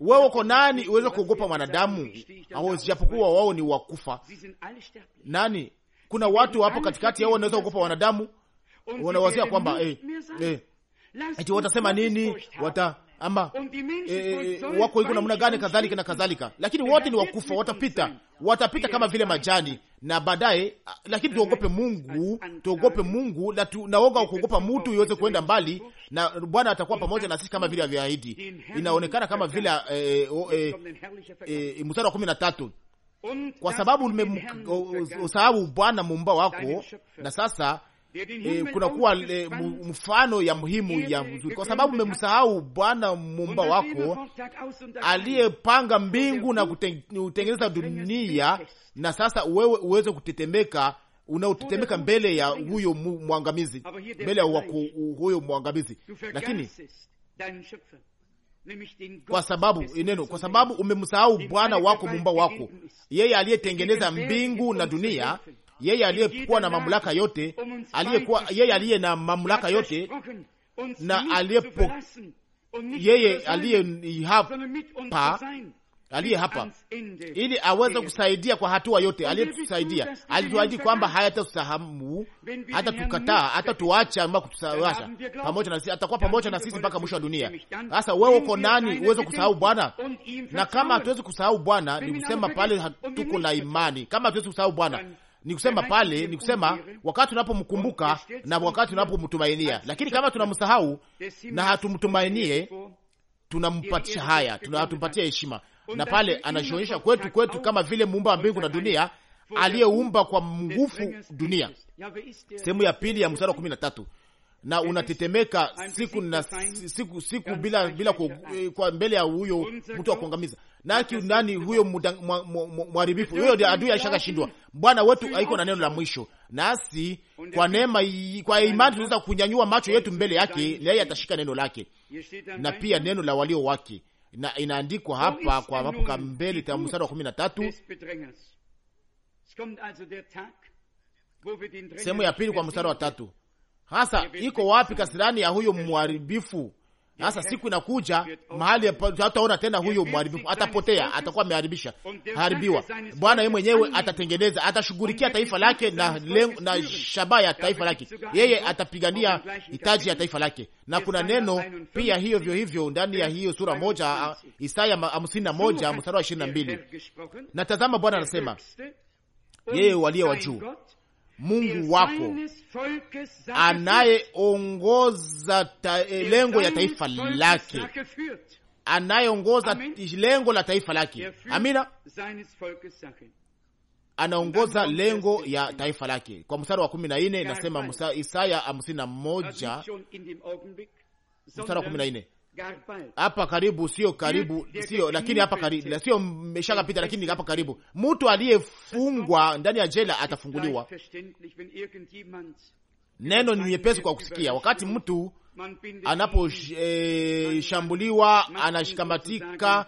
wewe uko nani uweze kuogopa mwanadamu, japokuwa wao ni wakufa? Nani? Kuna watu hapo katikati yao wanaweza kuogopa wanadamu, wanawazia kwamba eh, eh, watasema nini, wata ama e, wako iko namna gani, kadhalika na kadhalika, lakini wote ni wakufa, watapita, watapita kama vile majani na baadaye, lakini tuogope Mungu, tuogope Mungu na tu, naoga kuogopa mtu yote kuenda mbali, na Bwana atakuwa pamoja na sisi kama vile avyoahidi. Inaonekana kama vile eh, oh, eh, eh, mstari wa kumi na tatu kwa sababu umesahau Bwana muumba wako na sasa e, kuwa e, mfano ya muhimu ya mzuri, kwa sababu umemsahau Bwana muumba wako aliyepanga mbingu na kutengeneza dunia, na sasa wewe uweze kutetemeka unaotetemeka mbele ya huyo mwangamizi, mbele ya huyo mwangamizi. Lakini kwa sababu ineno, kwa sababu umemsahau Bwana wako muumba wako, yeye aliyetengeneza mbingu na dunia, yeye aliyekuwa na mamlaka yote, aliyekuwa yeye aliye na mamlaka yote na aliyepo yeye aliye hapa aliye hapa ili aweze kusaidia kwa hatua yote. Aliyetusaidia alituahidi kwamba hayatatusahau hata tukataa hata tuacha ma kutusawasha pamoja na sisi, atakuwa pamoja na sisi mpaka mwisho wa dunia. Sasa wewe uko nani uweze kusahau Bwana? Na kama hatuwezi kusahau Bwana, ni kusema pale hatuko na imani. Kama hatuwezi kusahau Bwana, ni kusema pale, ni kusema wakati unapomkumbuka na wakati unapomtumainia. Lakini kama tunamsahau na hatumtumainie, tunampatia haya, hatumpatia heshima, na pale anajionyesha kwetu kwetu kama vile muumba wa mbingu na dunia, aliyeumba kwa nguvu dunia. Sehemu ya pili ya mstari wa kumi na tatu na unatetemeka siku na siku siku bila bila eh, kwa mbele ya huyo mtu wa kuangamiza, na kiundani huyo mwharibifu huyo ndio adui alishaka shindwa. Bwana wetu haiko na neno la mwisho, nasi kwa neema, kwa imani tunaweza kunyanyua macho yetu mbele yake, naye atashika neno lake na pia neno la walio wake, na inaandikwa hapa kwa hapo mbele ta mstari wa kumi na tatu sehemu ya pili kwa mstari wa tatu hasa iko wapi kasirani ya huyo mharibifu sasa siku inakuja mahali hataona tena, huyo mharibifu atapotea, atakuwa ameharibisha haribiwa. Bwana yeye mwenyewe atatengeneza, atashughulikia taifa lake na, na shabaha ya taifa lake, yeye atapigania hitaji ya taifa lake. Na kuna neno pia hiyo vyo hivyo ndani ya hiyo sura moja, ah, Isaya hamsini na moja mstari wa ishirini na mbili Bwana anasema yeye walio wa juu Mungu wako anayeongoza eh, lengo ya taifa lake, anayeongoza lengo la taifa lake. Amina, anaongoza lengo ya taifa lake. Kwa mstari wa kumi na nne inasema Isaya hamsini na moja mstari wa kumi na nne hapa karibu, sio karibu, sio lakini hapa karibu, sio meshakapita, lakini hapa karibu. Mtu aliyefungwa ndani ya jela atafunguliwa. Neno ni nyepesi kwa kusikia. Wakati mtu anaposhambuliwa, eh, e, anashikamatika um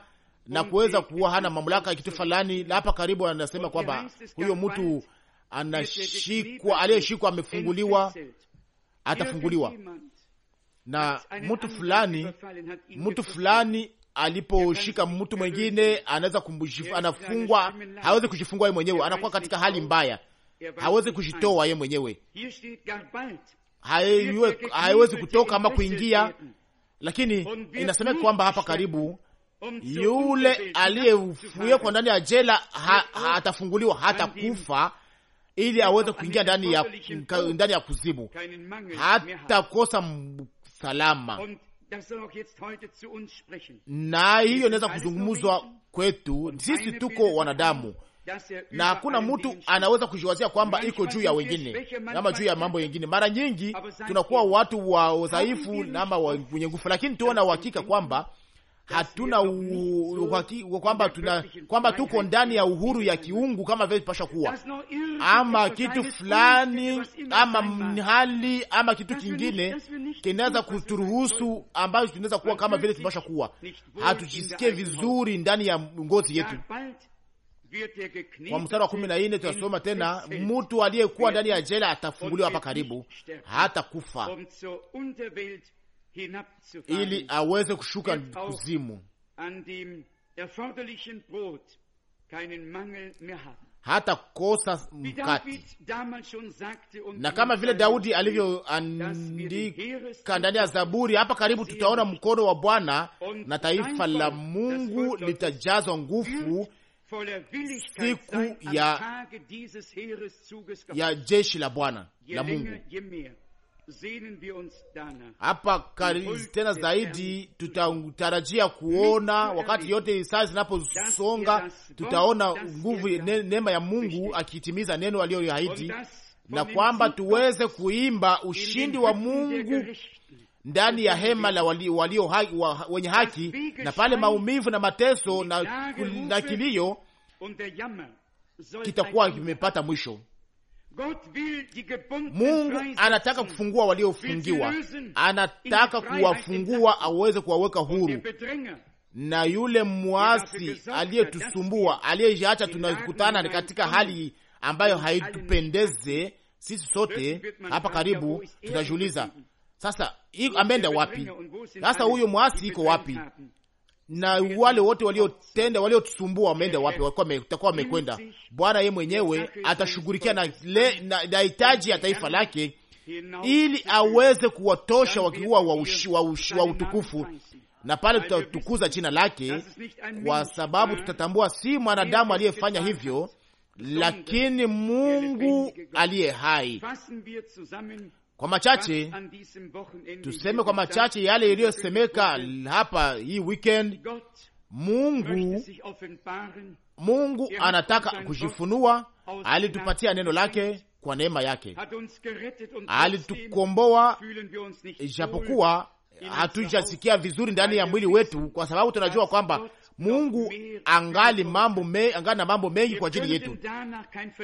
na um kuweza kuwa hana mamlaka kitu fulani, na hapa karibu anasema kwamba huyo mtu anashikwa, aliyeshikwa amefunguliwa, atafunguliwa na mtu fulani, mtu fulani aliposhika mtu mwengine anaweza anafungwa, hawezi kujifungua yeye mwenyewe, anakuwa katika hali mbaya, hawezi kujitoa yeye mwenyewe, haiwezi kutoka ama kuingia. Lakini inasemeka kwamba hapa karibu yule aliyefuekwa ndani ya jela ha, ha, atafunguliwa hata kufa ili aweze kuingia ndani ya ndani ya kuzimu, hatakosa salama, na hiyo inaweza kuzungumzwa kwetu sisi. Tuko wanadamu er na hakuna mtu anaweza kujiwazia kwamba iko juu ya wengine ama juu ya mambo yengine. Mara nyingi tunakuwa watu wa udhaifu ama wenye nguvu, lakini tuona uhakika kwamba hatuna kwamba tuna kwamba tuko ndani ya uhuru ya kiungu kama vile tupasha kuwa ama kitu fulani ama hali ama kitu kingine kinaweza kuturuhusu ambayo tunaweza kuwa kama vile tupasha kuwa, hatujisikie vizuri ndani ya ngozi yetu. Kwa mstari wa kumi na nne tunasoma tena, mtu aliyekuwa ndani ya jela atafunguliwa hapa karibu, hata kufa ili aweze kushuka kuzimu, hata kosa mkati. Na kama vile Daudi alivyoandika ndani ya Zaburi, hapa karibu tutaona mkono wa Bwana na taifa la Mungu litajazwa nguvu siku ya, ya jeshi la Bwana la Mungu hapa karibu tena zaidi, tutatarajia kuona wakati yote saa zinaposonga, tutaona nguvu neema ya Mungu akitimiza neno aliyoahidi, na kwamba tuweze kuimba ushindi wa Mungu ndani ya hema la wali, walio ha, wa, wenye haki, na pale maumivu na mateso na, na kilio kitakuwa kimepata mwisho. Mungu anataka kufungua waliofungiwa, anataka kuwafungua aweze kuwaweka huru na yule mwasi aliyetusumbua aliyeacha, tunakutana katika hali ambayo haitupendeze sisi sote hapa karibu. Tutajiuliza sasa, ameenda wapi? Sasa huyo mwasi iko wapi? na wale wote waliotenda waliotusumbua wameenda wapi? Watakuwa wamekwenda. Bwana ye mwenyewe atashughulikia na, na, na hitaji ya taifa lake ili aweze kuwatosha wakiua wa utukufu, na pale tutatukuza jina lake, kwa sababu tutatambua si mwanadamu aliyefanya hivyo, lakini Mungu aliye hai. Kwa machache tuseme, kwa machache yale yaliyosemeka hapa hii weekend. Mungu Mungu er anataka kujifunua, alitupatia neno lake kwa neema yake, alitukomboa ijapokuwa hatujasikia vizuri ndani ya mwili wetu, kwa sababu tunajua kwamba Mungu angali mambo me, angali na mambo mengi kwa ajili yetu,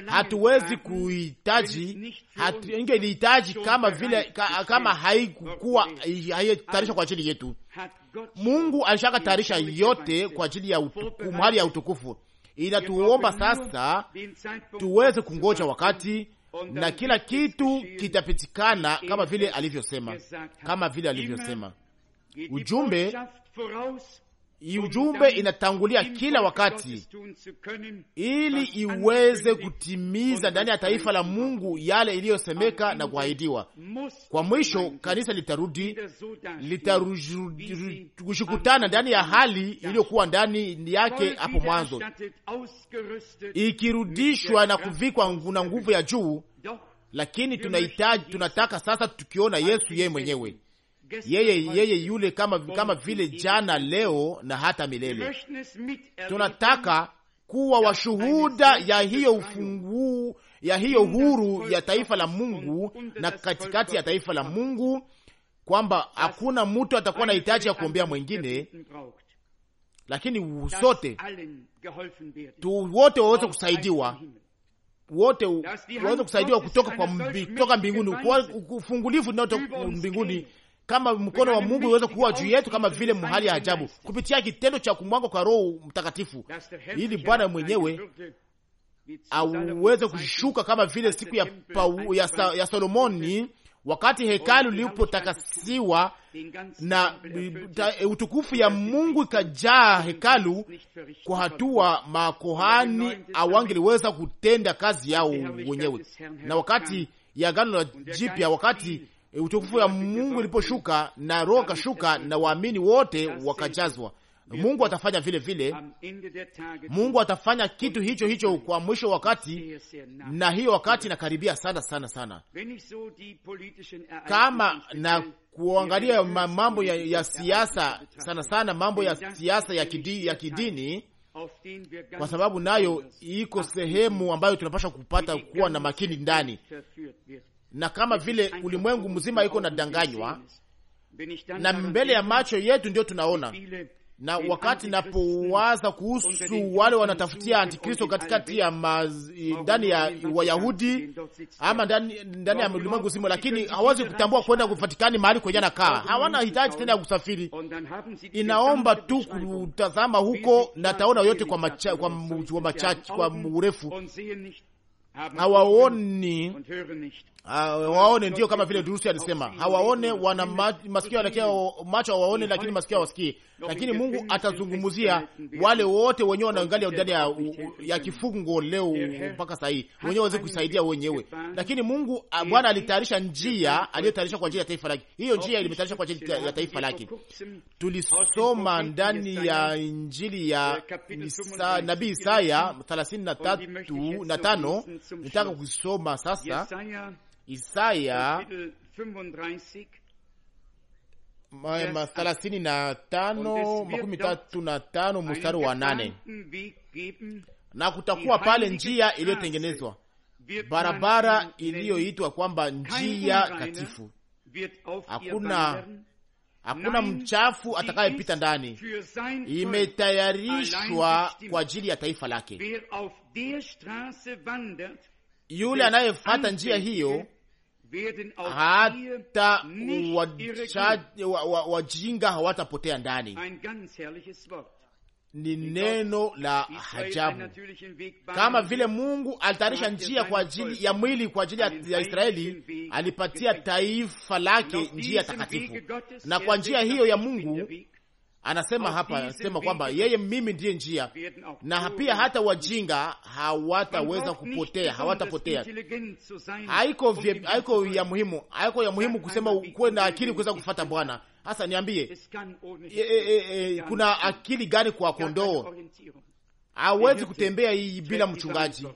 hatuwezi kuhitaji hatu, ingelihitaji kama vile ka, kama haikuwa haiyetayarisha kwa ajili yetu. Mungu alishaka tayarisha yote kwa ajili ya mahali ya utukufu. Inatuomba sasa tuweze kungoja wakati na kila kitu kitapitikana kama vile alivyosema, kama vile alivyosema ujumbe ujumbe inatangulia kila wakati, ili iweze kutimiza ndani ya taifa la Mungu yale iliyosemeka na kuahidiwa. Kwa mwisho, kanisa litarudi litakushukutana ndani ya hali iliyokuwa ndani yake hapo mwanzo, ikirudishwa na kuvikwa na nguvu ya juu. Lakini tunahitaji tunataka sasa tukiona Yesu yeye mwenyewe yeye yeye yule kama, kama vile jana leo na hata milele. Tunataka kuwa washuhuda ya hiyo ufunguo ya hiyo huru ya taifa la Mungu na katikati ya taifa la Mungu, kwamba hakuna mtu atakuwa na hitaji ya kuombea mwengine, lakini sote tu wote waweze kusaidiwa wote waweze kusaidiwa kutoka kwa mbi, kutoka mbinguni, ufungulivu unaotoka mbinguni kama mkono wa Mungu uweze kuwa juu yetu kama vile mhali ya ajabu, kupitia kitendo cha kumwanga kwa Roho Mtakatifu, ili Bwana mwenyewe auweze kushuka kama vile siku ya, pa, ya, ya Solomoni wakati hekalu lilipotakasiwa na ta, e, utukufu ya Mungu ikajaa hekalu. Kwa hatua makohani awangeliweza kutenda kazi yao wenyewe, na wakati ya gano la jipya, wakati E, utukufu ya Mungu iliposhuka na Roho kashuka na waamini wote wakajazwa. Mungu atafanya vile vile, Mungu atafanya kitu hicho hicho kwa mwisho wakati, na hiyo wakati inakaribia sana sana sana. Kama na kuangalia mambo ya, ya siasa sana sana, mambo ya siasa ya, kidi, ya kidini, kwa sababu nayo iko sehemu ambayo tunapasha kupata kuwa na makini ndani na kama vile ulimwengu mzima iko nadanganywa na mbele ya macho yetu, ndio tunaona na wakati napowaza kuhusu wale wanatafutia antikristo katikati ya ndani ya Wayahudi ama ndani ya ulimwengu zima, lakini hawezi kutambua kwenda kupatikani mahali kwenye nakaa, Hawana hitaji tena ya kusafiri, inaomba tu kutazama huko na taona yote kwa macha, kwa, kwa, kwa urefu hawaoni Uh, waone ndio kama vile Durusi alisema hawaone, wana masikio yanakia macho hawaone, lakini masikio hawasikii. Lakini Mungu atazungumzia wale wote wenyewe wanaangalia ndani ya, ya kifungo leo mpaka saa hii wenyewe waweze kusaidia wenyewe. Lakini Mungu ah, Bwana alitayarisha njia aliyotayarisha kwa njia ya taifa lake, hiyo njia ilimetayarisha kwa njia ya taifa lake. Tulisoma ndani ya Injili ya Isa, nabii Isaya thelathini na tatu na tano. Nitaka kusoma sasa Isaya thelathini na tano makumi tatu na tano mstari wa nane na kutakuwa pale njia iliyotengenezwa barabara iliyoitwa kwamba njia takatifu, hakuna hakuna mchafu atakayepita ndani, imetayarishwa kwa ajili ya taifa lake. Yule anayefata njia hiyo hata wajinga hawatapotea ndani. Ni neno la hajabu. Kama vile Mungu alitayarisha njia kwa ajili ya mwili kwa ajili ya Israeli, alipatia taifa lake njia takatifu, na kwa njia hiyo ya Mungu anasema hapa, anasema kwamba yeye, mimi ndiye njia, na pia hata wajinga hawataweza kupotea, hawatapotea. Haiko vye, haiko ya muhimu, haiko ya muhimu kusema kuwe na akili kuweza kufata Bwana. Hasa niambie, e, e, e, kuna akili gani kwa kondoo? Hawezi kutembea hii bila mchungaji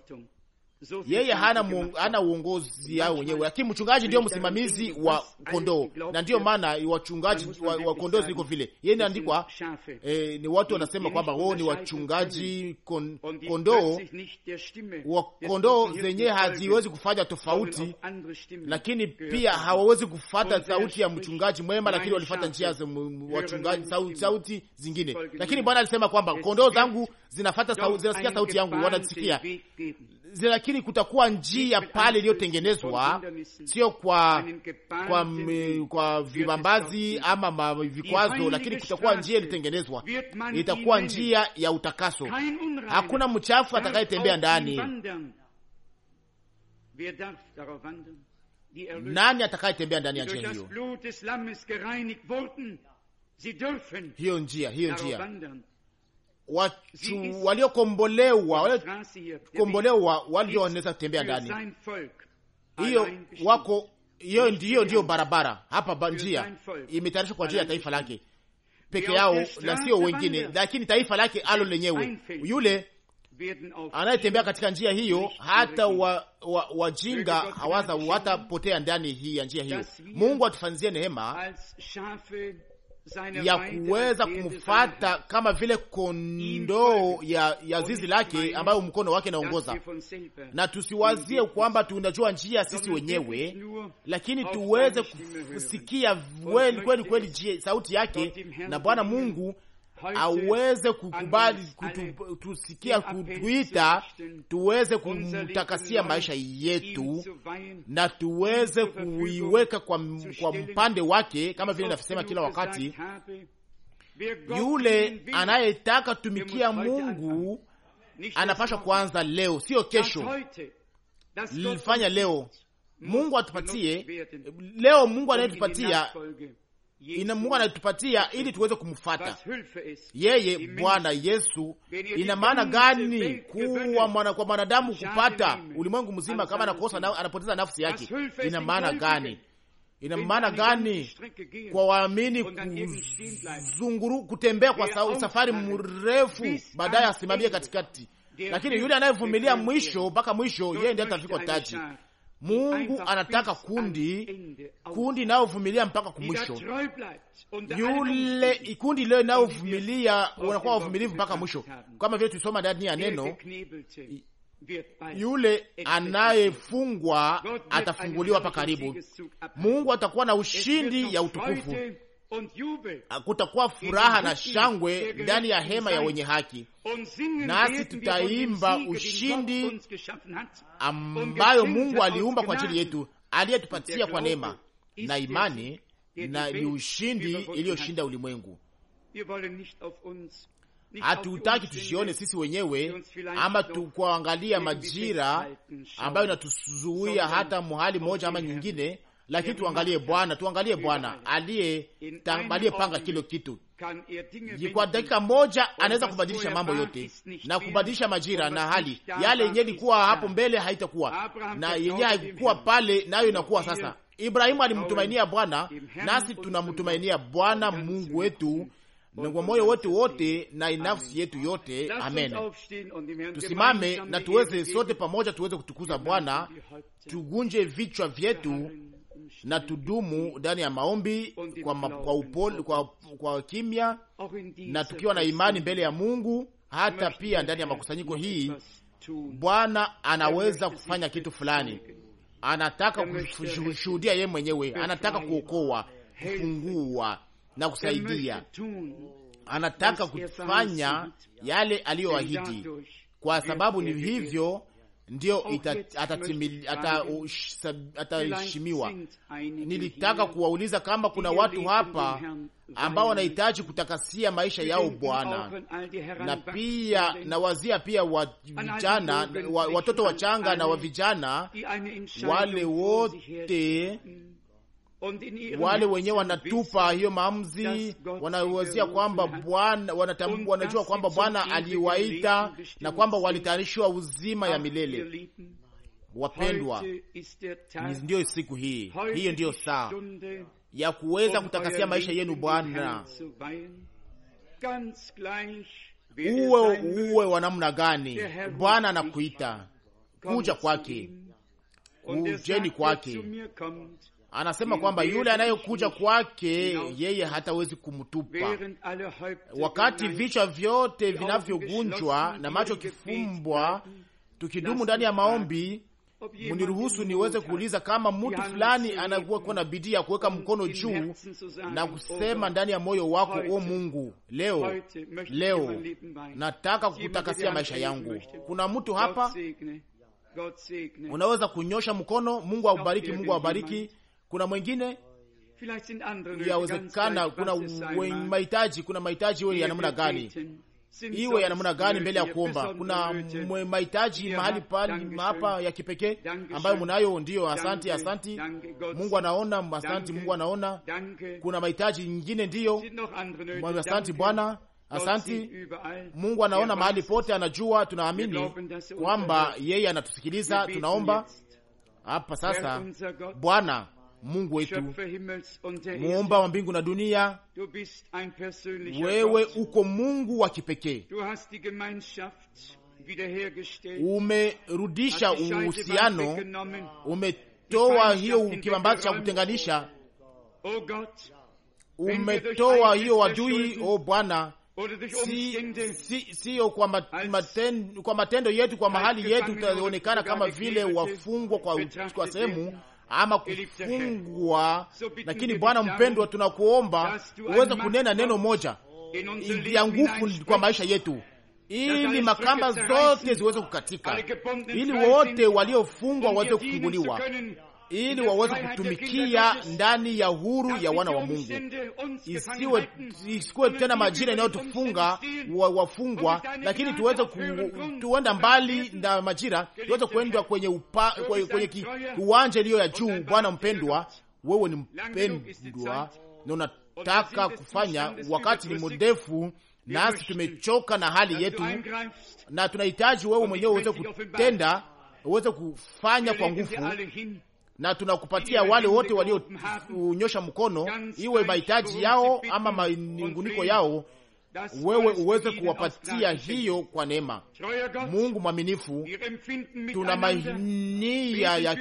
yeye hana, hana uongozi yao wenyewe, lakini mchungaji ndio msimamizi wa kondoo, na ndio maana wachungaji wa, wa kondoo ziko vile. Yeye inaandikwa eh, ni watu wanasema kwamba wao ni wachungaji kon, kondoo wa kondoo zenyewe haziwezi kufanya tofauti, lakini pia hawawezi kufata sauti ya mchungaji mwema, lakini walifata njia za wachungaji sauti, sauti zingine. Lakini Bwana alisema kwamba kondoo zangu zinafata sauti, zinasikia sauti yangu, wanasikia lakini kutakuwa njia pale iliyotengenezwa, sio kwa kwa, kwa vibambazi ama vikwazo, lakini kutakuwa njia iliyotengenezwa, itakuwa njia ya utakaso. Hakuna mchafu atakayetembea ndani. Nani atakayetembea ndani ya njia hiyo? Hiyo njia, hiyo njia watu waliokombolewa, waliokombolewa walionaweza kutembea ndani hiyo wako hiyo ndiyo, ndiyo barabara hapa, njia imetayarishwa kwa ajili ya taifa lake peke yao na sio wengine, lakini taifa lake alo lenyewe. Yule anayetembea katika njia hiyo, hata wajinga wa, wa hawaza watapotea ndani hii ya njia hiyo. Mungu atufanyizie neema ya kuweza kumfata kama vile kondoo ya, ya zizi lake ambayo mkono wake naongoza, na tusiwazie kwamba tunajua njia sisi wenyewe, lakini tuweze kusikia kweli kweli kweli sauti yake, na Bwana Mungu aweze kukubali kutusikia kutuita tuweze kumtakasia maisha yetu na tuweze kuiweka kwa, kwa mpande wake, kama vile navyosema kila wakati, yule anayetaka tumikia Mungu anapasha kuanza leo, sio kesho. lifanya leo Mungu atupatie leo, Mungu anayetupatia ina Mungu anatupatia ili tuweze kumfata yeye. Bwana Yesu, ina maana gani kuwa mwana, kwa mwanadamu kupata ulimwengu mzima kama anakosa na, anapoteza nafsi yake? Ina maana gani? Ina maana gani kwa waamini kuzunguru kutembea kwa safari mrefu, baadaye asimamie katikati, lakini yule anayevumilia mwisho mpaka mwisho, yeye ndiye atafikwa taji. Mungu anataka kundi kundi inayovumilia mpaka kumwisho, yule kundi ile inayovumilia wanakuwa wavumilivu mpaka mwisho, kama vile tulisoma ndani ya neno yule anayefungwa atafunguliwa pa karibu. Mungu atakuwa na ushindi ya utukufu. Ah, kutakuwa furaha na shangwe ndani ya hema ya wenye haki, nasi tutaimba ushindi ambayo Mungu aliumba kwa ajili yetu, aliyetupatia kwa neema na imani, na ni ushindi iliyoshinda ulimwengu. Hatutaki tushione sisi wenyewe ama tukuangalia majira ambayo inatuzuia hata mhali moja ama nyingine lakini tuangalie Bwana, tuangalie Bwana aliye aliyepanga kilo kitu. Kwa dakika moja anaweza kubadilisha mambo yote na kubadilisha majira na hali. Yale yenye ilikuwa hapo mbele haitakuwa na yenye haikuwa pale, nayo inakuwa sasa. Ibrahimu alimtumainia Bwana, nasi tunamtumainia Bwana Mungu wetu kwa moyo wetu wote na nafsi yetu yote. Amen. Tusimame na tuweze sote pamoja, tuweze kutukuza Bwana, tugunje vichwa vyetu na tudumu ndani ya maombi kwa, ma, kwa, upole, kwa, kwa kimya na tukiwa na imani mbele ya Mungu, hata pia ndani ya makusanyiko hii. Bwana anaweza kufanya kitu fulani, anataka kushuhudia yeye mwenyewe, anataka kuokoa, kufungua na kusaidia, anataka kufanya yale aliyoahidi, kwa sababu ni hivyo ndiyo oh, ataheshimiwa. Nilitaka kuwauliza kama kuna watu hapa ambao wanahitaji kutakasia maisha yao Bwana, na pia nawazia pia wavijana, watoto wachanga na wavijana wale wote wale wenyewe wanatupa hiyo maamuzi, wanawazia kwamba Bwana wanatambua, wanajua kwamba Bwana aliwaita na kwamba walitayarishiwa uzima ya milele. Wapendwa, ndiyo siku hii, hiyo ndiyo saa ya kuweza kutakasia maisha yenu Bwana, uwe uwe wa namna gani, Bwana anakuita kuja kwake, kujeni kwake anasema kwamba yule anayekuja kwake yeye hatawezi kumtupa. Wakati vichwa vyote vinavyogunjwa na macho kifumbwa, tukidumu ndani ya maombi, muniruhusu niweze kuuliza kama mtu fulani anakuwa na bidii ya kuweka um mkono juu na oh kusema ndani ya moyo wako, o Mungu, leo leo nataka kutakasia maisha yangu. Kuna mtu hapa unaweza kunyosha mkono. Mungu aubariki, Mungu aubariki kuna mwengine yawezekana, kuna mahitaji, kuna mahitaji ya namna gani iwe ya namna gani mbele ya kuomba. Kuna mahitaji mahali pali hapa ya kipekee ambayo mnayo, ndiyo. Asanti, asanti Mungu anaona, asanti Mungu anaona. Kuna mahitaji nyingine, ndiyo. Asanti Bwana, asanti Mungu er anaona mahali pote, anajua. Tunaamini er kwamba yeye anatusikiliza tunaomba hapa sasa. Bwana Mungu wetu, muumba wa mbingu na dunia, wewe uko Mungu wa kipekee. Umerudisha uhusiano, umetoa hiyo kibambazi cha kutenganisha, umetoa hiyo wajui. O Bwana, siyo si, si, kwa, maten, kwa matendo yetu, kwa mahali yetu tutaonekana kama vile wafungwa kwa, kwa sehemu ama kufungwa, lakini Bwana mpendwa, tunakuomba uweze kunena neno moja ya nguvu kwa maisha yetu ili makamba zote ziweze kukatika, ili wote waliofungwa waweze kufunguliwa, ili waweze kutumikia ndani ya uhuru ya wana wa Mungu, isiwe isikuwe tena majira inayotufunga wafungwa, lakini tuweze tuenda mbali na majira, tuweze kuenda kwenye upa, kwenye kiwanja iliyo ya juu. Bwana mpendwa, wewe ni mpendwa na unataka kufanya, wakati ni mrefu nasi tumechoka na hali yetu, na tunahitaji wewe mwenyewe uweze kutenda, uweze kufanya kwa nguvu na tunakupatia wale wote walionyosha mkono, iwe mahitaji yao ama manunguniko yao, wewe uweze kuwapatia hiyo kwa neema. Mungu mwaminifu, tuna mania ya,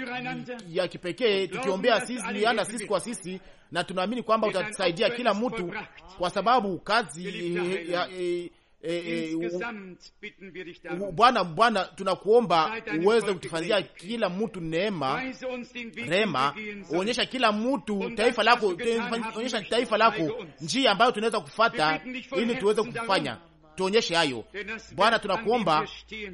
ya kipekee tukiombea sisi ana sisi kwa sisi, na tunaamini kwamba utatusaidia kila mtu, kwa sababu kazi ya, ya, ya, E, e, Bwana Bwana, tunakuomba uweze kutufanyia kila mtu neema rema, onyesha kila mtu taifa lako, onyesha taifa lako njia ambayo tunaweza kufata ili tuweze kufanya tuonyeshe hayo Bwana, tunakuomba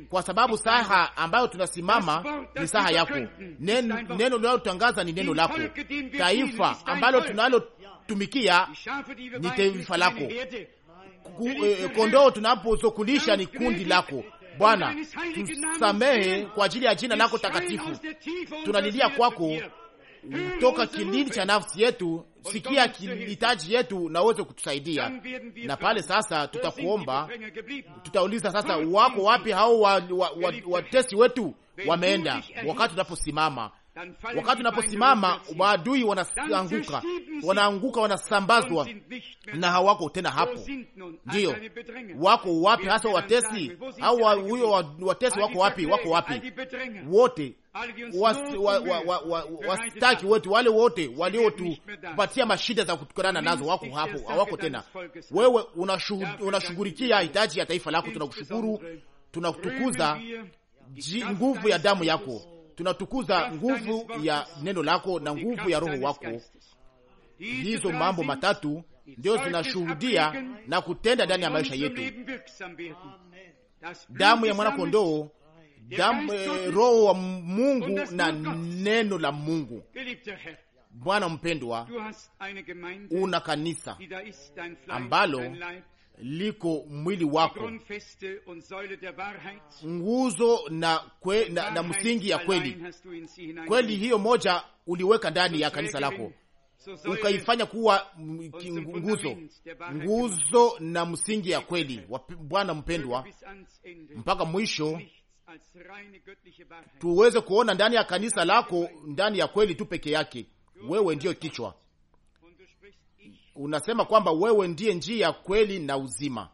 kwa sababu saha ambayo tunasimama ni saha yako. Neno linalotangaza ni neno lako, taifa ambalo tunalotumikia ni taifa lako Eh, eh, kondoo tunaposokulisha ni kundi lako Bwana. Tusamehe kwa ajili ya jina lako takatifu, tunalilia kwako toka kilindi cha nafsi yetu, sikia kihitaji yetu na uweze kutusaidia. Na pale sasa tutakuomba, tutauliza sasa, wako wapi hao watesi wa, wa, wa, wa wetu? Wameenda wakati tunaposimama Wakati unaposimama maadui wanaanguka, wanaanguka, wanasambazwa na hawako tena hapo. Ndiyo, wako wapi hasa watesi? Au huyo watesi wako wapi? Wako wapi wote wastaki wa, wa, wa, wa, wetu wale wote waliotupatia mashida za kutukanana nazo wako hapo, hawako tena. Wewe unashughulikia hitaji ya taifa lako, tunakushukuru, tunakutukuza nguvu ya damu yako tunatukuza nguvu ya neno lako na nguvu ya roho wako. Hizo mambo matatu ndio zinashuhudia na kutenda ndani ya maisha yetu. Damu ya mwana kondoo, damu, eh, roho wa Mungu na neno la Mungu. Bwana mpendwa, una kanisa ambalo liko mwili wako, uh, nguzo na, kwe, na, na msingi ya kweli. Kweli hiyo moja uliweka ndani ya kanisa lako ukaifanya kuwa nguzo nguzo na msingi ya kweli. Bwana mpendwa, mpaka mwisho tuweze kuona ndani ya kanisa lako, ndani ya kweli tu peke yake, wewe ndiyo kichwa unasema kwamba wewe ndiye njia, kweli na uzima.